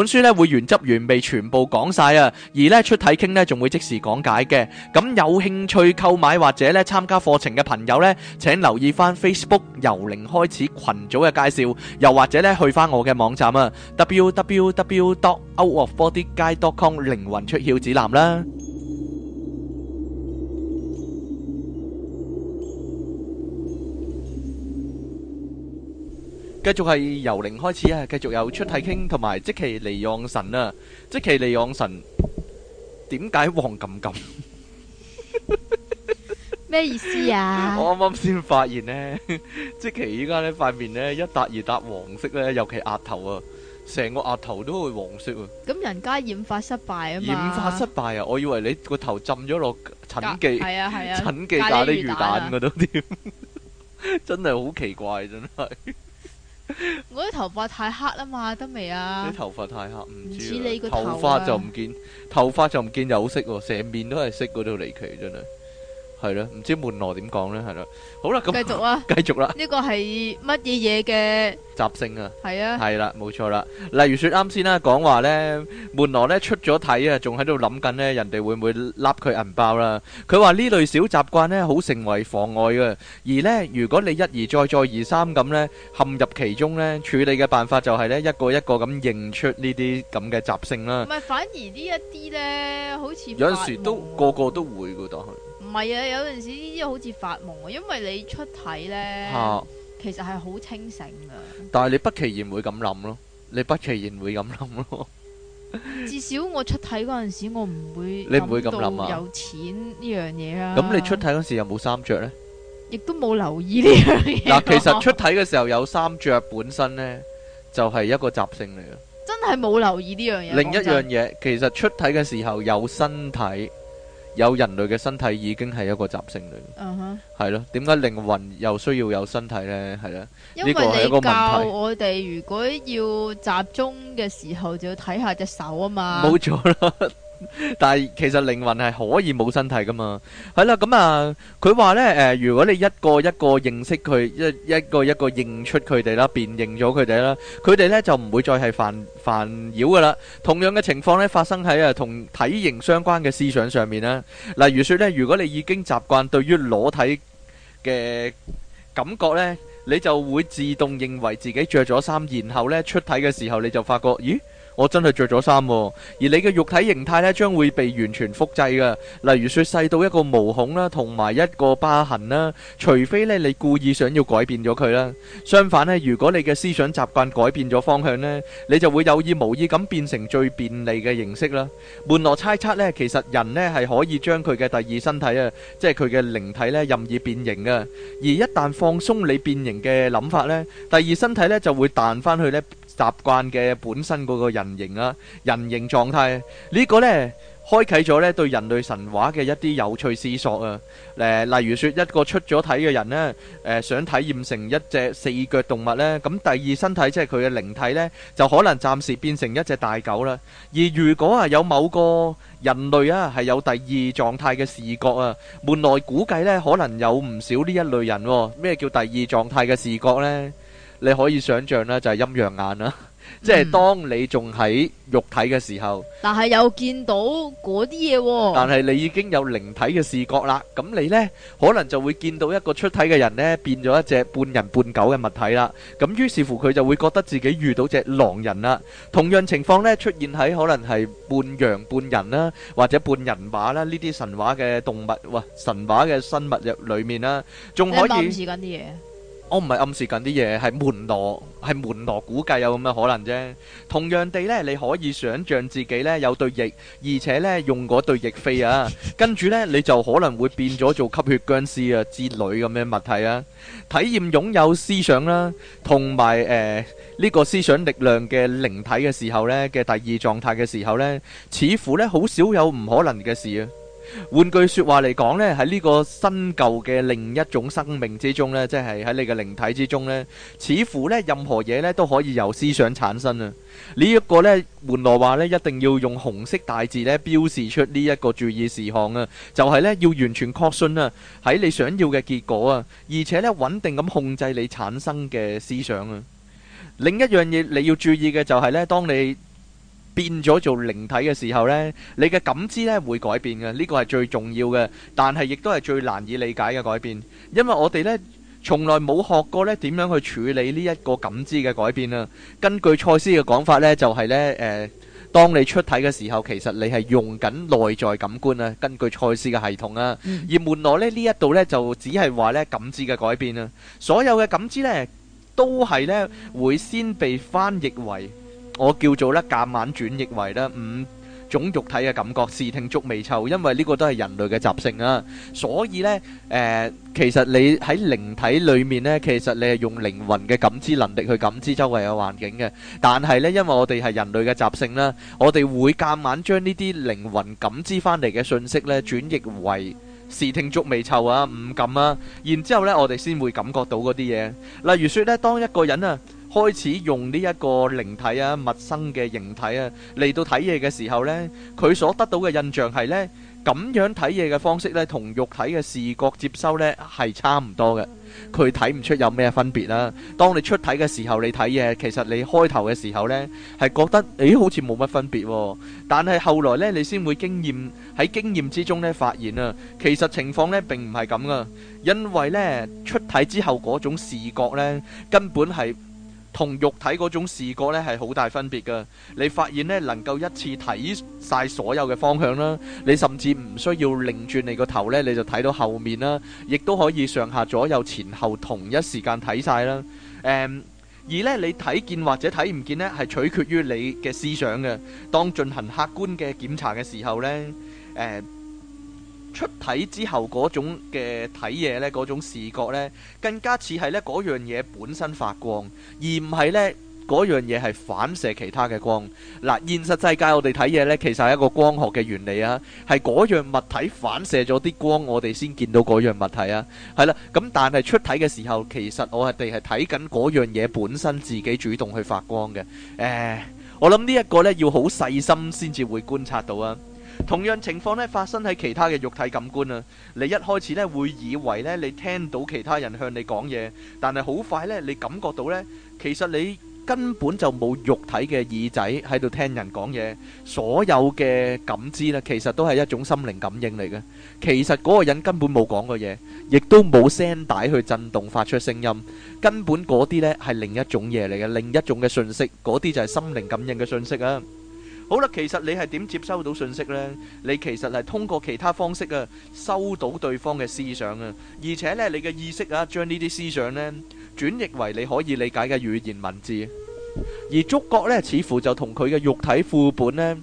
本書咧會原汁原味全部講晒啊，而咧出體傾咧仲會即時講解嘅。咁有興趣購買或者咧參加課程嘅朋友咧，請留意翻 Facebook 由零開始群組嘅介紹，又或者咧去翻我嘅網站啊，w w w dot out of body guide dot com 靈魂出竅指南啦。繼續係由零開始啊！繼續有出體傾同埋即其嚟養神啊！即其嚟養神，點解黃咁咁？咩意思啊？我啱啱先發現咧，即其依家呢塊面咧一笪二笪黃色咧，尤其額頭啊，成個額頭都會黃色喎。咁人家染髮失敗啊嘛！染髮失敗啊！我以為你個頭浸咗落陳記，係啊係啊，陳記打啲魚蛋嗰度添，真係好奇怪，真係。 (laughs) 我啲頭髮太黑啦嘛，得未啊？啲、欸、頭髮太黑，唔知。你個頭髮、啊、就唔見，頭髮就唔見有色，成面都係色嗰度嚟，佢真係。係咯，唔知門羅點講咧，係咯。好啦，咁繼續啊，繼續啦。呢個係乜嘢嘢嘅習性啊？係啊，係啦，冇錯啦。例如說啱先啦，講話咧門羅咧出咗體啊，仲喺度諗緊咧，人哋會唔會笠佢銀包啦？佢話呢類小習慣咧，好成為妨礙噶。而咧，如果你一而再，再而三咁咧，陷入其中咧，處理嘅辦法就係咧，一個一個咁認出呢啲咁嘅習性啦。唔係，反而呢一啲咧，好似有陣時都個個都會噶，當佢。唔係啊，有陣時呢啲好似發夢啊，因為你出體咧，其實係好清醒噶。但係你不期然會咁諗咯，你不期然會咁諗咯。至少我出體嗰陣時，我唔會諗到有錢呢樣嘢啊。咁你出體嗰時有冇衫着咧？亦都冇留意呢樣嘢。嗱，其實出體嘅時候有衫着，本身咧就係一個習性嚟噶。真係冇留意呢樣嘢。另一樣嘢，其實出體嘅時候有身體。有人類嘅身體已經係一個雜聲嚟，嗯哼、uh，係、huh. 咯。點解靈魂又需要有身體呢？係啦，因為你教我哋如果要集中嘅時候，就要睇下隻手啊嘛。冇錯啦。 (laughs) (laughs) 但係其實靈魂係可以冇身體噶嘛，係啦咁啊，佢話呢，誒、呃，如果你一個一個認識佢，一一個一個認出佢哋啦，辨認咗佢哋啦，佢哋呢就唔會再係煩煩擾噶啦。同樣嘅情況呢，發生喺誒同體型相關嘅思想上面啦。例如說呢，如果你已經習慣對於裸體嘅感覺呢，你就會自動認為自己着咗衫，然後呢，出體嘅時候你就發覺咦。我真係着咗衫，而你嘅肉體形態咧將會被完全複製噶例如說細到一個毛孔啦，同埋一個疤痕啦，除非咧你故意想要改變咗佢啦。相反咧，如果你嘅思想習慣改變咗方向咧，你就會有意無意咁變成最便利嘅形式啦。門羅猜測咧，其實人咧係可以將佢嘅第二身體啊，即係佢嘅靈體咧任意變形噶，而一旦放鬆你變形嘅諗法咧，第二身體咧就會彈翻去咧。習慣嘅本身嗰個人形啊，人形狀態呢、這個呢，開啟咗呢對人類神話嘅一啲有趣思索啊、呃。例如說一個出咗體嘅人呢、呃，想體驗成一隻四腳動物呢，咁第二身體即係佢嘅靈體呢，就可能暫時變成一隻大狗啦。而如果啊有某個人類啊係有第二狀態嘅視覺啊，門羅估計呢，可能有唔少呢一類人、啊。咩叫第二狀態嘅視覺呢？你可以想象啦，就係陰陽眼啦，即係當你仲喺肉體嘅時候，但係又見到嗰啲嘢。但係你已經有靈體嘅視覺啦，咁你呢可能就會見到一個出體嘅人呢變咗一隻半人半狗嘅物體啦。咁於是乎佢就會覺得自己遇到隻狼人啦。同樣情況呢，出現喺可能係半羊半人啦，或者半人馬啦呢啲神話嘅動物哇，神話嘅生物入裡面啦，仲可以。我唔係暗示緊啲嘢，係門羅，係門羅估計有咁嘅可能啫。同樣地咧，你可以想象自己咧有對翼，而且咧用嗰對翼飛啊，跟住咧你就可能會變咗做吸血僵屍啊之類咁嘅物體啊。體驗擁有思想啦，同埋誒呢個思想力量嘅靈體嘅時候咧嘅第二狀態嘅時候咧，似乎咧好少有唔可能嘅事啊。換句說話嚟講呢，喺呢個新舊嘅另一種生命之中呢，即係喺你嘅靈體之中呢，似乎呢，任何嘢呢，都可以由思想產生啊！呢一個呢，門羅話呢，一定要用紅色大字呢標示出呢一個注意事項啊！就係呢，要完全確信啊，喺你想要嘅結果啊，而且呢穩定咁控制你產生嘅思想啊！另一樣嘢你要注意嘅就係呢，當你。變咗做靈體嘅時候咧，你嘅感知咧會改變嘅，呢個係最重要嘅，但係亦都係最難以理解嘅改變，因為我哋咧從來冇學過咧點樣去處理呢一個感知嘅改變啊。根據賽斯嘅講法咧，就係咧誒，當你出體嘅時候，其實你係用緊內在感官啊。根據賽斯嘅系統啊，而門羅咧呢一度咧就只係話咧感知嘅改變啊，所有嘅感知咧都係咧會先被翻譯為我叫做咧，夾硬轉譯為咧五種肉體嘅感覺，視聽觸味嗅，因為呢個都係人類嘅習性啦。所以咧，誒，其實你喺靈體裏面咧，其實你係用靈魂嘅感知能力去感知周圍嘅環境嘅。但係咧，因為我哋係人類嘅習性啦，我哋會夾硬將呢啲靈魂感知翻嚟嘅信息咧轉譯為視聽觸味嗅啊，五感啊。然之後咧，我哋先會感覺到嗰啲嘢。例如説咧，當一個人啊～開始用呢一個靈體啊、陌生嘅形體啊嚟到睇嘢嘅時候咧，佢所得到嘅印象係咧咁樣睇嘢嘅方式咧，同肉體嘅視覺接收咧係差唔多嘅。佢睇唔出有咩分別啦。當你出體嘅時候，你睇嘢其實你開頭嘅時候咧係覺得誒好似冇乜分別喎，但係後來咧你先會經驗喺經驗之中咧發現啊，其實情況咧並唔係咁啊，因為咧出體之後嗰種視覺咧根本係，同肉體嗰種視覺呢係好大分別㗎，你發現呢，能夠一次睇晒所有嘅方向啦，你甚至唔需要擰轉你個頭呢，你就睇到後面啦，亦都可以上下左右前後同一時間睇晒啦。而呢，你睇見或者睇唔見呢，係取決於你嘅思想嘅。當進行客觀嘅檢查嘅時候呢，誒、嗯。出體之後嗰種嘅睇嘢呢，嗰種視覺呢，更加似係呢嗰樣嘢本身發光，而唔係呢嗰樣嘢係反射其他嘅光。嗱，現實世界我哋睇嘢呢，其實係一個光學嘅原理啊，係嗰樣物體反射咗啲光，我哋先見到嗰樣物體啊。係啦，咁但係出體嘅時候，其實我哋係睇緊嗰樣嘢本身自己主動去發光嘅。誒，我諗呢一個呢，要好細心先至會觀察到啊。同樣情況咧發生喺其他嘅肉體感官啊！你一開始咧會以為咧你聽到其他人向你講嘢，但係好快咧你感覺到咧，其實你根本就冇肉體嘅耳仔喺度聽人講嘢。所有嘅感知咧，其實都係一種心靈感應嚟嘅。其實嗰個人根本冇講過嘢，亦都冇聲帶去震動發出聲音。根本嗰啲咧係另一種嘢嚟嘅，另一種嘅訊息。嗰啲就係心靈感應嘅訊息啊！好啦，其實你係點接收到信息咧？你其實係通過其他方式啊，收到對方嘅思想啊，而且咧，你嘅意識啊，將呢啲思想咧轉譯為你可以理解嘅語言文字。而觸覺咧，似乎就同佢嘅肉體副本咧，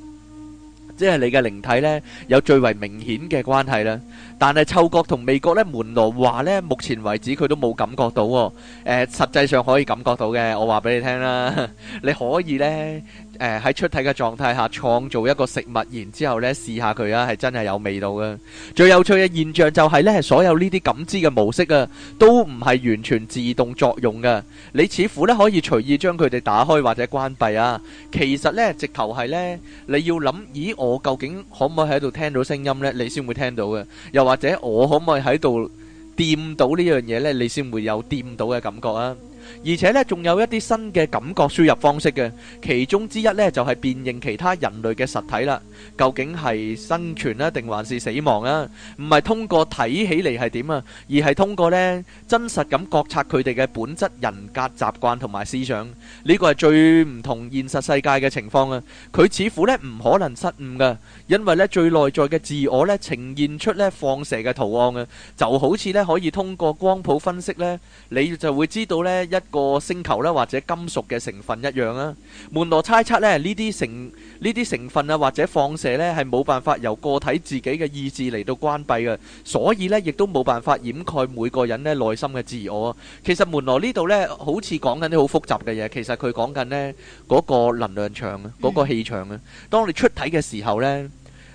即係你嘅靈體咧，有最為明顯嘅關係啦。但係嗅覺同味覺咧，門羅話咧，目前為止佢都冇感覺到喎。誒，實際上可以感覺到嘅，我話俾你聽啦，你可以咧。誒，喺出體嘅狀態下創造一個食物，然之後呢試下佢啊，係真係有味道嘅。最有趣嘅現象就係呢，所有呢啲感知嘅模式啊，都唔係完全自動作用嘅。你似乎呢可以隨意將佢哋打開或者關閉啊。其實呢，直頭係呢，你要諗，咦，我究竟可唔可以喺度聽到聲音呢？你先會聽到嘅。又或者我可唔可以喺度掂到呢樣嘢呢？你先會有掂到嘅感覺啊。而且咧，仲有一啲新嘅感覺輸入方式嘅，其中之一咧就係辨認其他人類嘅實體啦。究竟係生存啊，定還是死亡啊？唔係通過睇起嚟係點啊，而係通過咧真實咁覺察佢哋嘅本質、人格、習慣同埋思想。呢個係最唔同現實世界嘅情況啊！佢似乎咧唔可能失誤噶，因為咧最內在嘅自我咧呈現出咧放射嘅圖案啊，就好似咧可以通過光譜分析咧，你就會知道咧一。一個星球咧，或者金屬嘅成分一樣啦。門羅猜測咧，呢啲成呢啲成分啊，或者放射咧，係冇辦法由個體自己嘅意志嚟到關閉嘅，所以咧，亦都冇辦法掩蓋每個人咧內心嘅自我啊。其實門羅呢度咧，好似講緊啲好複雜嘅嘢。其實佢講緊咧嗰個能量場啊，嗰個氣場啊。當你出體嘅時候咧，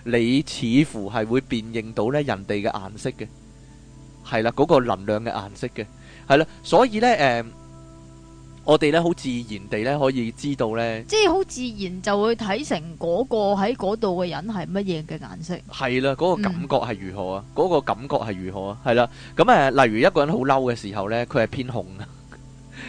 你似乎係會辨認到咧人哋嘅顏色嘅，係啦，嗰個能量嘅顏色嘅，係啦，所以咧，誒。我哋咧好自然地咧可以知道咧，即係好自然就會睇成嗰個喺嗰度嘅人係乜嘢嘅顏色。係啦，嗰、那個感覺係如何啊？嗰、嗯、個感覺係如何啊？係啦，咁、嗯、誒，例如一個人好嬲嘅時候咧，佢係偏紅啊，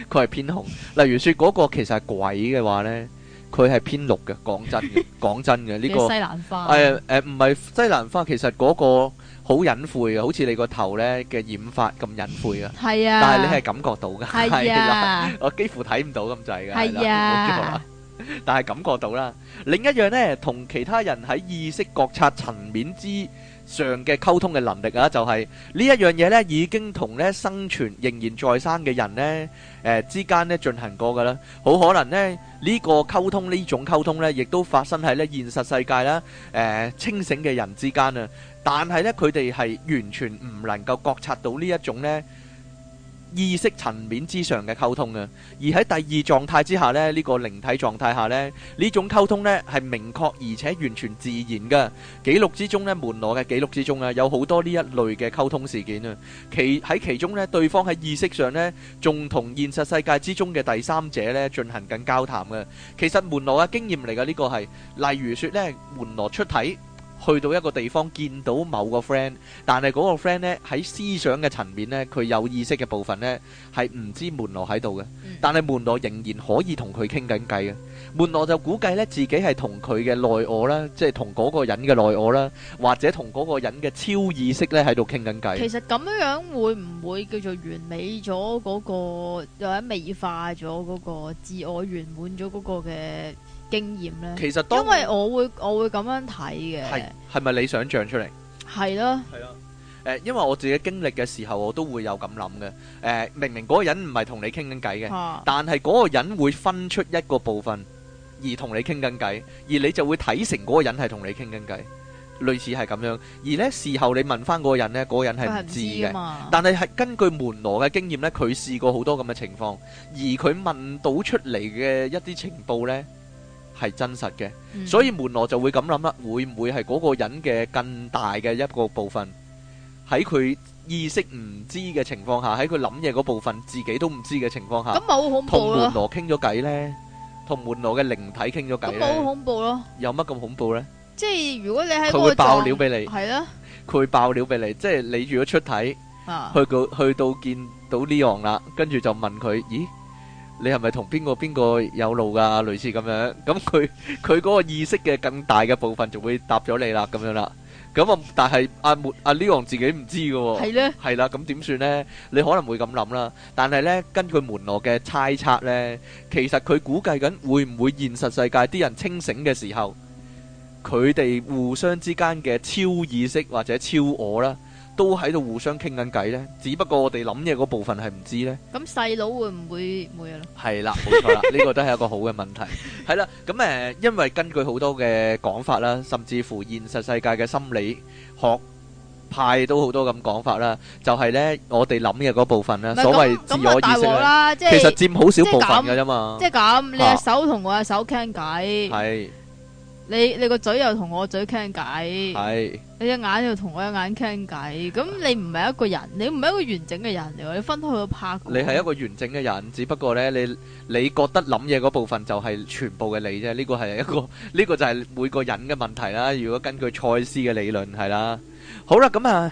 佢 (laughs) 係偏紅。例如說嗰個其實係鬼嘅話咧。 (laughs) 佢係偏綠嘅，講真嘅，講真嘅，呢個西蘭花係，誒，唔係西蘭花。其實嗰個好隱晦嘅，好似你個頭咧嘅染髮咁隱晦啊。係啊，但係你係感覺到㗎，係啊，我幾乎睇唔到咁滯㗎，係啊，但係感覺到啦。另一樣咧，同其他人喺意識覺察層面之上嘅溝通嘅能力啊，就係、是、呢一樣嘢呢，已經同咧生存仍然在生嘅人呢誒、呃、之間咧進行過㗎喇。好可能呢，呢、這個溝通呢種溝通呢，亦都發生喺咧現實世界啦，誒、呃、清醒嘅人之間啊。但係呢，佢哋係完全唔能夠覺察到呢一種呢。意識層面之上嘅溝通啊，而喺第二狀態之下呢，呢、呢個靈體狀態下呢，呢種溝通呢係明確而且完全自然嘅，記錄之中呢，門羅嘅記錄之中啊，有好多呢一類嘅溝通事件啊。其喺、其中呢，對方喺意識上呢，仲同現實世界之中嘅第三者呢進行緊交談嘅。其實門羅嘅經驗嚟嘅呢個係，例如説呢，門羅出體。去到一個地方見到某個 friend，但係嗰個 friend 呢，喺思想嘅層面呢，佢有意識嘅部分呢，係唔知門羅喺度嘅，嗯、但係門羅仍然可以同佢傾緊偈嘅。門羅就估計呢，自己係同佢嘅內我啦，即係同嗰個人嘅內我啦，或者同嗰個人嘅超意識呢喺度傾緊偈。其實咁樣樣會唔會叫做完美咗嗰、那個，又係美化咗嗰、那個自我圓滿咗嗰個嘅？經驗咧，其實都因為我會我會咁樣睇嘅。係係咪你想象出嚟？係咯，係咯。誒，因為我自己經歷嘅時候，我都會有咁諗嘅。誒，明明嗰個人唔係同你傾緊偈嘅，但係嗰個人會分出一個部分而同你傾緊偈，而你就會睇成嗰個人係同你傾緊偈，類似係咁樣。而咧，事後你問翻嗰個人咧，嗰個人係唔知嘅，但係係根據門羅嘅經驗咧，佢試過好多咁嘅情況，而佢問到出嚟嘅一啲情報咧。係真實嘅，所以門羅就會咁諗啦，會唔會係嗰個人嘅更大嘅一個部分喺佢意識唔知嘅情況下，喺佢諗嘢嗰部分自己都唔知嘅情況下，咁咪好恐怖咯？同門羅傾咗偈咧，同門羅嘅靈體傾咗偈咧，咁咪好恐怖咯？有乜咁恐怖咧？即係如果你喺度，佢會爆料俾你，係啦，佢會爆料俾你，即係你如果出體去到去到見到呢樣啦，跟住就問佢，咦？你係咪同邊個邊個有路噶、啊？類似咁樣，咁佢佢嗰個意識嘅更大嘅部分，就會答咗你啦，咁樣啦。咁啊，但係阿 Leon 自己唔知噶喎、哦。係咧呢。係啦，咁點算呢？你可能會咁諗啦，但係呢，根據門羅嘅猜測呢，其實佢估計緊會唔會現實世界啲人清醒嘅時候，佢哋互相之間嘅超意識或者超我啦。都喺度互相傾緊偈咧，只不過我哋諗嘢，嗰部分係唔知咧。咁細佬會唔會會啊？係啦，冇錯啦，呢個都係一個好嘅問題。係啦，咁誒，因為根據好多嘅講法啦，甚至乎現實世界嘅心理學派都好多咁講法啦，就係咧我哋諗嘢嗰部分咧，所謂自我意識啦，其實佔好少部分噶啫嘛。即係咁，你隻手同我隻手傾偈。你你個嘴又同我嘴傾偈，是你隻眼又同我隻眼傾偈，咁的你唔係一個人，你唔係一個完整嘅人嚟。你分開去拍，你係一個完整嘅人，只不過呢，你你覺得諗嘢嗰部分就係全部嘅你啫，呢個係一個呢個就係每個人嘅問題啦。如果根據賽斯嘅理論係啦，好啦，咁啊。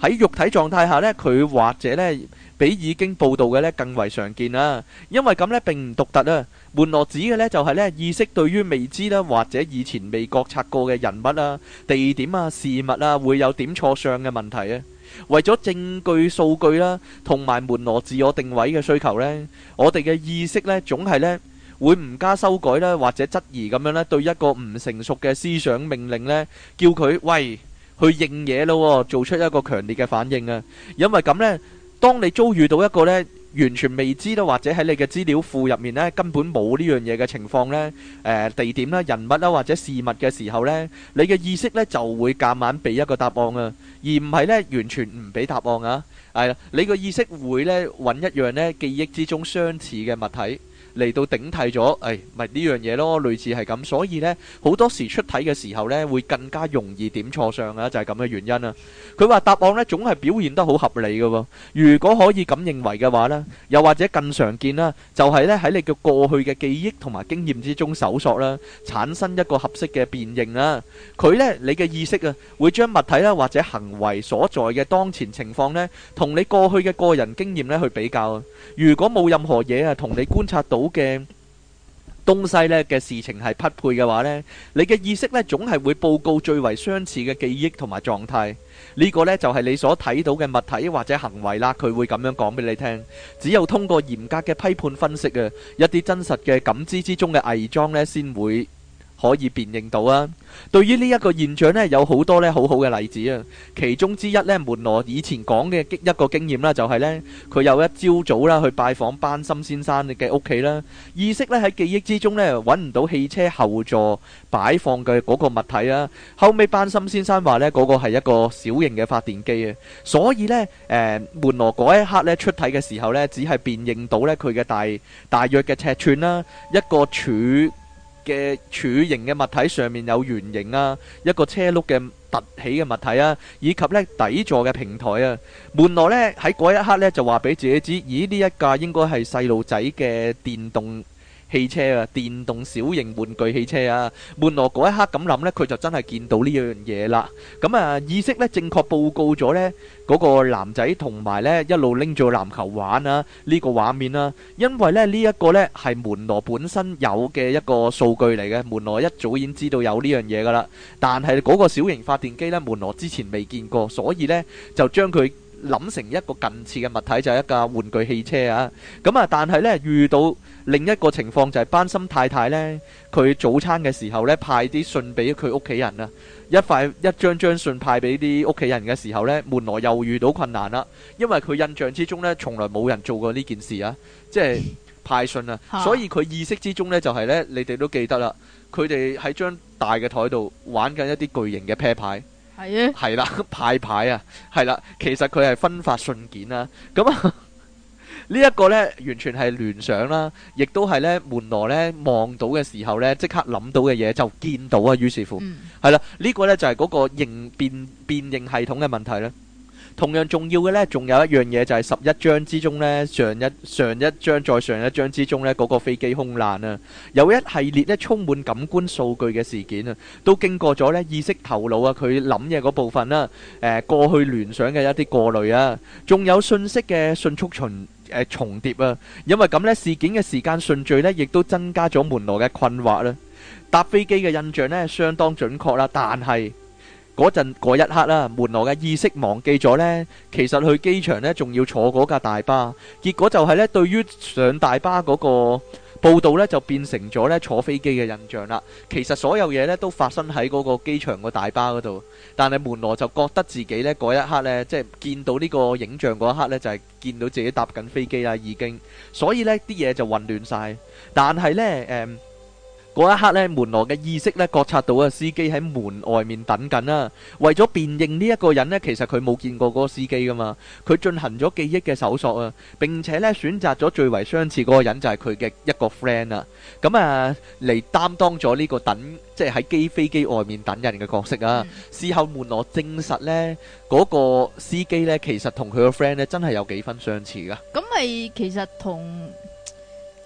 喺肉體狀態下呢，佢或者呢比已經報道嘅呢更為常見啦。因為咁呢並唔獨特啦。門羅指嘅呢就係呢意識對於未知啦，或者以前未覺察過嘅人物啊、地點啊、事物啊會有點錯相嘅問題啊。為咗證據數據啦同埋門羅自我定位嘅需求呢，我哋嘅意識呢總係呢會唔加修改啦，或者質疑咁樣呢對一個唔成熟嘅思想命令呢，叫佢喂。去應嘢咯，做出一個強烈嘅反應啊！因為咁呢，當你遭遇到一個呢完全未知啦，或者喺你嘅資料庫入面呢根本冇呢樣嘢嘅情況呢，誒地點啦、人物啦或者事物嘅時候呢，你嘅意識呢就會夾硬俾一個答案啊，而唔係呢完全唔俾答案啊！係啦，你嘅意識會呢揾一樣呢記憶之中相似嘅物體。嚟到頂替咗，誒咪呢樣嘢咯，類似係咁，所以咧好多時出體嘅時候咧，會更加容易點錯相啊，就係咁嘅原因啊。佢話答案咧總係表現得好合理嘅喎。如果可以咁認為嘅話咧，又或者更常見啦，就係咧喺你嘅過去嘅記憶同埋經驗之中搜索啦，產生一個合適嘅辨認啦。佢咧你嘅意識啊，會將物體啦或者行為所在嘅當前情況咧，同你過去嘅個人經驗咧去比較。如果冇任何嘢啊同你觀察到。好嘅東西咧嘅事情係匹配嘅話咧，你嘅意識咧總係會報告最為相似嘅記憶同埋狀態。呢、呢個呢，就係你所睇到嘅物體或者行為啦，佢會咁樣講俾你聽。只有通過嚴格嘅批判分析嘅一啲真實嘅感知之中嘅偽裝呢，先會。可以辨認到啊！對於呢一個現象呢，有好多呢好好嘅例子啊！其中之一呢，門羅以前講嘅一個經驗啦，就係呢，佢有一朝早啦去拜訪班森先生嘅屋企啦，意識呢喺記憶之中呢，揾唔到汽車後座擺放嘅嗰個物體啊！後尾班森先生話呢，嗰個係一個小型嘅發電機啊！所以呢，誒、呃、門羅嗰一刻呢，出體嘅時候呢，只係辨認到呢，佢嘅大大約嘅尺寸啦，一個柱，嘅柱形嘅物體上面有圓形啊，一個車轆嘅凸起嘅物體啊，以及咧底座嘅平台啊，門羅咧喺嗰一刻咧就話俾自己知，咦呢一架應該係細路仔嘅電動。汽車啊，電動小型玩具汽車啊，門羅嗰一刻咁諗呢，佢就真係見到呢樣嘢啦。咁啊，意識呢，正確報告咗呢嗰個男仔同埋呢一路拎住籃球玩啊呢個畫面啦，啊，因為咧呢一個呢係門羅本身有嘅一個數據嚟嘅，門羅一早已經知道有呢樣嘢噶啦。但係嗰個小型發電機呢，門羅之前未見過，所以呢就將佢諗成一個近似嘅物體，就係一架玩具汽車啊。咁啊，但係呢遇到。另一個情況就係班心太太咧，佢早餐嘅時候咧，派啲信俾佢屋企人啦。一塊一張張信派俾啲屋企人嘅時候咧，門羅又遇到困難啦。因為佢印象之中咧，從來冇人做過呢件事啊，即係派信啊。所以佢意識之中咧，就係咧，你哋都記得啦。佢哋喺張大嘅台度玩緊一啲巨型嘅啤牌，係啊，係啦，派牌啊，係啦，其實佢係分發信件啦。咁啊～呢一個咧完全係聯想啦，亦都係咧門羅咧望到嘅時候咧，即刻諗到嘅嘢就見到啊。於是乎，係啦，呢個咧就係嗰個認辨辨認系統嘅問題咧。同樣重要嘅咧，仲有一樣嘢就係十一章之中咧，上一上一章再上一章之中咧，嗰個飛機空難啊，有一系列咧充滿感官數據嘅事件啊，都經過咗咧意識頭腦啊，佢諗嘢嗰部分啦，誒過去聯想嘅一啲過濾啊，仲有信息嘅迅速循。重疊啊！因為咁呢，事件嘅時間順序呢，亦都增加咗門羅嘅困惑啦。搭飛機嘅印象呢，相當準確啦，但係嗰陣嗰一刻啦，啊，門羅嘅意識忘記咗呢。其實去機場呢，仲要坐嗰架大巴，結果就係呢，對於上大巴嗰、嗰個。報道咧就變成咗咧坐飛機嘅印象啦。其實所有嘢咧都發生喺嗰個機場個大巴嗰度，但係門羅就覺得自己咧嗰一刻咧即係見到呢個影像嗰一刻咧就係見到自己搭緊飛機啦已經，所以咧啲嘢就混亂晒。但係咧誒。嗯嗰一刻咧，門羅嘅意識咧，覺察到啊，司機喺門外面等緊啦、啊。為咗辨認呢一個人呢，其實佢冇見過嗰個司機噶嘛。佢進行咗記憶嘅搜索啊，並且咧選擇咗最為相似嗰個人，就係佢嘅一個 friend 啊。咁啊，嚟擔當咗呢個等，即係喺機飛機外面等人嘅角色啊。嗯、事後門羅證實呢，嗰、那個司機呢，其實同佢個 friend 呢真係有幾分相似噶。咁咪其實同。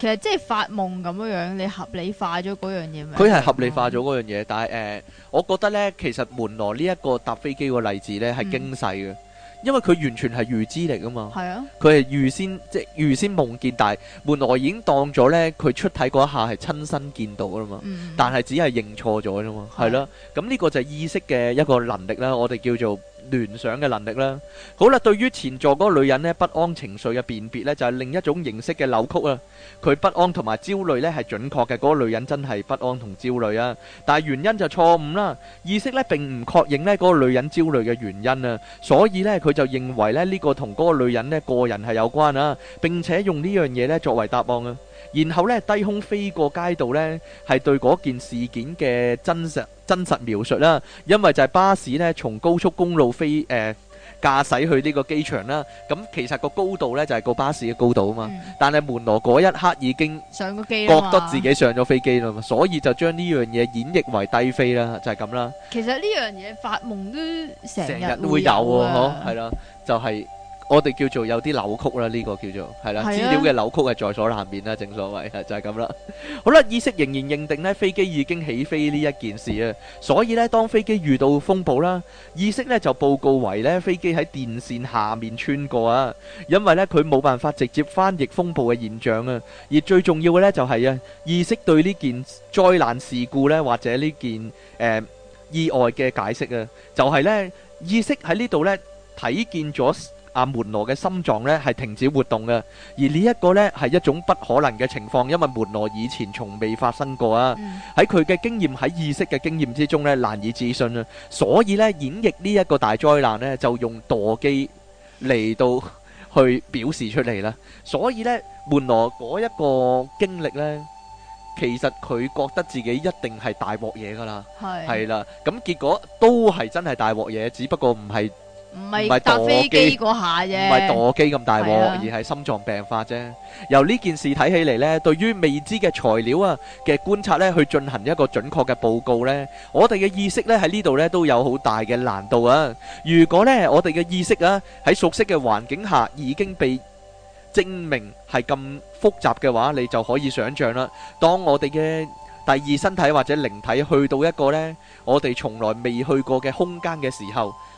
其實即係發夢咁樣樣，你合理化咗嗰樣嘢咪？佢係合理化咗嗰樣嘢，但係誒、呃，我覺得呢，其實門羅呢一個搭飛機個例子呢，係驚世嘅，嗯、因為佢完全係預知嚟啊嘛。係啊，佢係預先即係預先夢見，但係門羅已經當咗呢，佢出體嗰一下係親身見到啦嘛。嗯、但係只係認錯咗啫嘛。係咯，咁呢個就係意識嘅一個能力啦。我哋叫做聯想嘅能力啦，好啦，對於前座嗰個女人呢，不安情緒嘅辨別呢，就係另一種形式嘅扭曲啊，佢不安同埋焦慮呢，係準確嘅，嗰個女人真係不安同焦慮啊，但係原因就錯誤啦，意識呢，並唔確認呢嗰個女人焦慮嘅原因啊，所以呢，佢就認為呢呢個同嗰個女人呢個人係有關啊，並且用呢樣嘢呢作為答案啊。然後咧，低空飛過街道咧，係對嗰件事件嘅真實真實描述啦。因為就係巴士咧從高速公路飛誒駕駛去呢個機場啦。咁其實個高度咧就係個巴士嘅高度啊嘛。但係門羅嗰一刻已經上咗機啦嘛，覺得自己上咗飛機啦嘛，所以就將呢樣嘢演繹為低飛啦，就係咁啦。其實呢樣嘢發夢都成日都會有，係啦，就係。我哋叫做有啲扭曲啦，呢、這個叫做係啦，啊、資料嘅扭曲係在所難免啦，正所謂就係咁啦。 (laughs) 好啦，意識仍然認定呢飛機已經起飛呢一件事啊，所以呢，當飛機遇到風暴啦，意識呢就報告為呢飛機喺電線下面穿過啊，因為呢佢冇辦法直接翻譯風暴嘅現象啊。而最重要嘅呢就係、是、啊意識對呢件災難事故呢，或者呢件誒、呃、意外嘅解釋啊，就係、是、呢意識喺呢度呢睇見咗。阿門羅嘅心臟咧係停止活動嘅，而呢一個咧係一種不可能嘅情況，因為門羅以前從未發生過啊！喺佢嘅經驗、喺意識嘅經驗之中咧難以置信啊！所以咧演繹呢一個大災難咧就用墮機嚟到去表示出嚟啦。所以咧門羅嗰一個經歷咧，其實佢覺得自己一定係大鑊嘢噶啦，係啦，咁結果都係真係大鑊嘢，只不過唔係。唔係搭飛機嗰下啫，唔係墮機咁大鑊，而係心臟病發啫。由呢件事睇起嚟咧，對於未知嘅材料啊嘅觀察咧，去進行一個準確嘅報告咧，我哋嘅意識咧喺呢度咧都有好大嘅難度啊！如果咧我哋嘅意識啊喺熟悉嘅環境下已經被證明係咁複雜嘅話，你就可以想象啦。當我哋嘅第二身體或者靈體去到一個咧我哋從來未去過嘅空間嘅時候，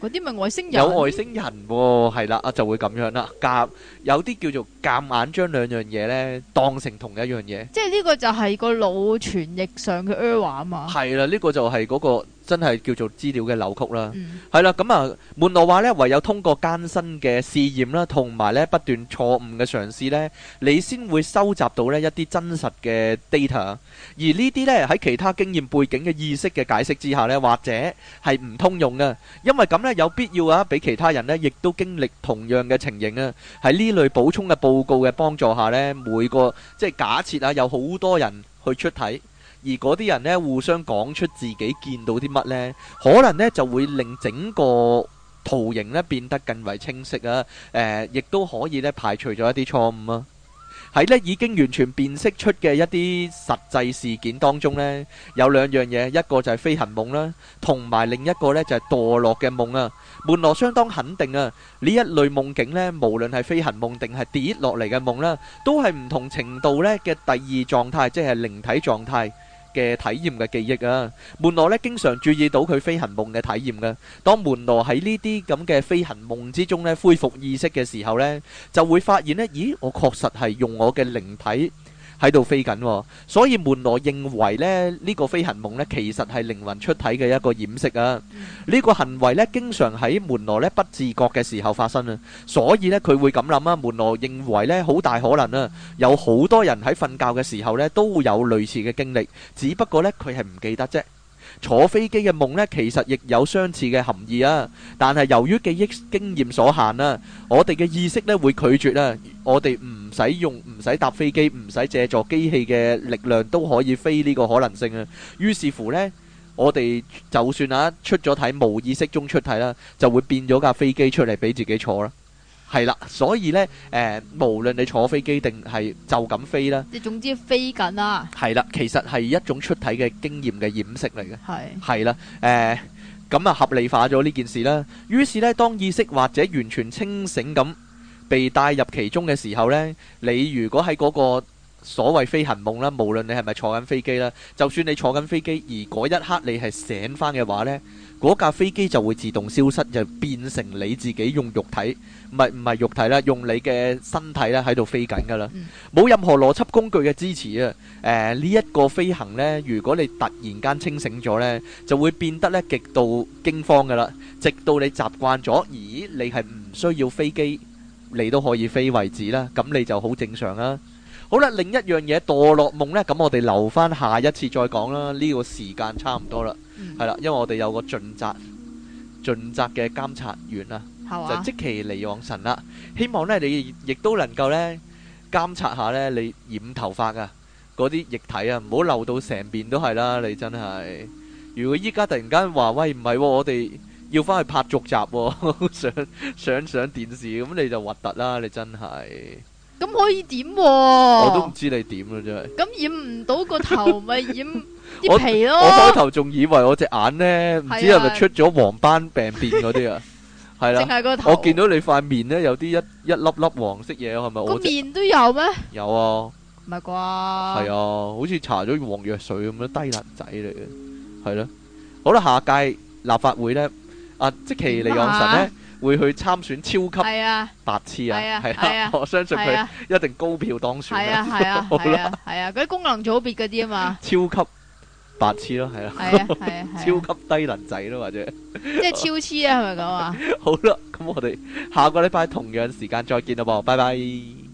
嗰啲咪外星人，有外星人喎、哦，係啦，啊，就會咁樣啦，夾有啲叫做夾硬將兩樣嘢咧當成同一樣嘢，即係呢個就係個腦傳譯上嘅 error 啊嘛，係啦，呢、這個就係嗰、那個。真係叫做資料嘅扭曲啦，係啦，咁啊，門羅話呢，唯有通過艱辛嘅試驗啦，同埋呢不斷錯誤嘅嘗試呢，你先會收集到呢一啲真實嘅 data。而呢啲呢喺其他經驗背景嘅意識嘅解釋之下呢，或者係唔通用嘅，因為咁呢有必要啊，俾其他人呢亦都經歷同樣嘅情形啊。喺呢類補充嘅報告嘅幫助下呢，每個即係假設啊，有好多人去出體。而嗰啲人呢，互相講出自己見到啲乜呢？可能呢，就會令整個圖形呢變得更為清晰啊！誒、呃，亦都可以呢，排除咗一啲錯誤啊！喺呢已經完全辨識出嘅一啲實際事件當中呢，有兩樣嘢，一個就係飛行夢啦、啊，同埋另一個呢就係、是、墮落嘅夢啊！門羅相當肯定啊，呢一類夢境呢，無論係飛行夢定係跌落嚟嘅夢啦、啊，都係唔同程度呢嘅第二狀態，即係靈體狀態。嘅體驗嘅記憶啊，門羅呢經常注意到佢飛行夢嘅體驗嘅。當門羅喺呢啲咁嘅飛行夢之中呢，恢復意識嘅時候呢，就會發現呢，咦，我確實係用我嘅靈體。喺度飛緊，所以門羅認為咧呢個飛行夢咧其實係靈魂出體嘅一個掩飾啊！呢個行為咧經常喺門羅咧不自覺嘅時候發生啊，所以呢，佢會咁諗啊！門羅認為呢好大可能啊，有好多人喺瞓覺嘅時候呢都會有類似嘅經歷，只不過呢，佢係唔記得啫。坐飛機嘅夢呢，其實亦有相似嘅含義啊！但係由於記憶經驗所限啦，我哋嘅意識呢會拒絕啦，我哋唔使用唔使搭飛機，唔使借助機器嘅力量都可以飛，呢個可能性啊！於是乎呢，我哋就算啊出咗體，無意識中出體啦，就會變咗架飛機出嚟俾自己坐啦。係啦，所以呢，誒、呃，無論你坐飛機定係就咁飛啦，你總之飛緊啦、啊。係啦，其實係一種出體嘅經驗嘅掩飾嚟嘅，係係啦，誒，咁、呃、啊合理化咗呢件事啦。於是呢，當意識或者完全清醒咁被帶入其中嘅時候呢，你如果喺嗰個所謂飛行夢啦，無論你係咪坐緊飛機啦，就算你坐緊飛機，而嗰一刻你係醒翻嘅話呢。嗰架飛機就會自動消失，就變成你自己用肉體，唔係唔係肉體啦，用你嘅身體咧喺度飛緊噶啦，冇任何邏輯工具嘅支持啊！誒呢一個飛行呢，如果你突然間清醒咗呢，就會變得呢極度驚慌噶啦，直到你習慣咗，咦你係唔需要飛機，你都可以飛為止啦，咁你就好正常啦。好啦，另一樣嘢墮落夢呢，咁我哋留翻下一次再講啦。呢、這個時間差唔多啦，係、嗯、啦，因為我哋有個盡責盡責嘅監察員啊，啊就即其離往神啦。希望呢，你亦都能夠呢，監察下呢你染頭髮啊，嗰啲液體啊，唔好漏到成面都係啦。你真係，如果依家突然間話喂唔係、啊，我哋要翻去拍續集、啊，上上上電視，咁你就核突啦，你真係。咁可以點、啊？我都唔知你點啦、啊，真係。咁 (laughs) 染唔到個頭咪染啲皮咯。我開頭仲以為我隻眼咧，唔知係咪出咗黃斑病變嗰啲啊，係啦、 (laughs) 啊。淨係個頭。我見到你塊面咧有啲一一粒粒黃色嘢，係咪？個面都有咩？有啊。唔係啩？係啊，好似搽咗黃藥水咁樣低能仔嚟嘅，係咯、啊。好啦，下屆立法會咧，啊，即其嚟講神咧。會去參選超級白痴啊！係啊，係啊，我相信佢一定高票當選啊！係啊，係啊，係啊，嗰啲功能組別嗰啲啊嘛，超級白痴咯，係啊，係啊，超級低能仔咯，或者即係超痴啊，係咪咁啊？好啦，咁我哋下個禮拜同樣時間再見啦噃，拜拜。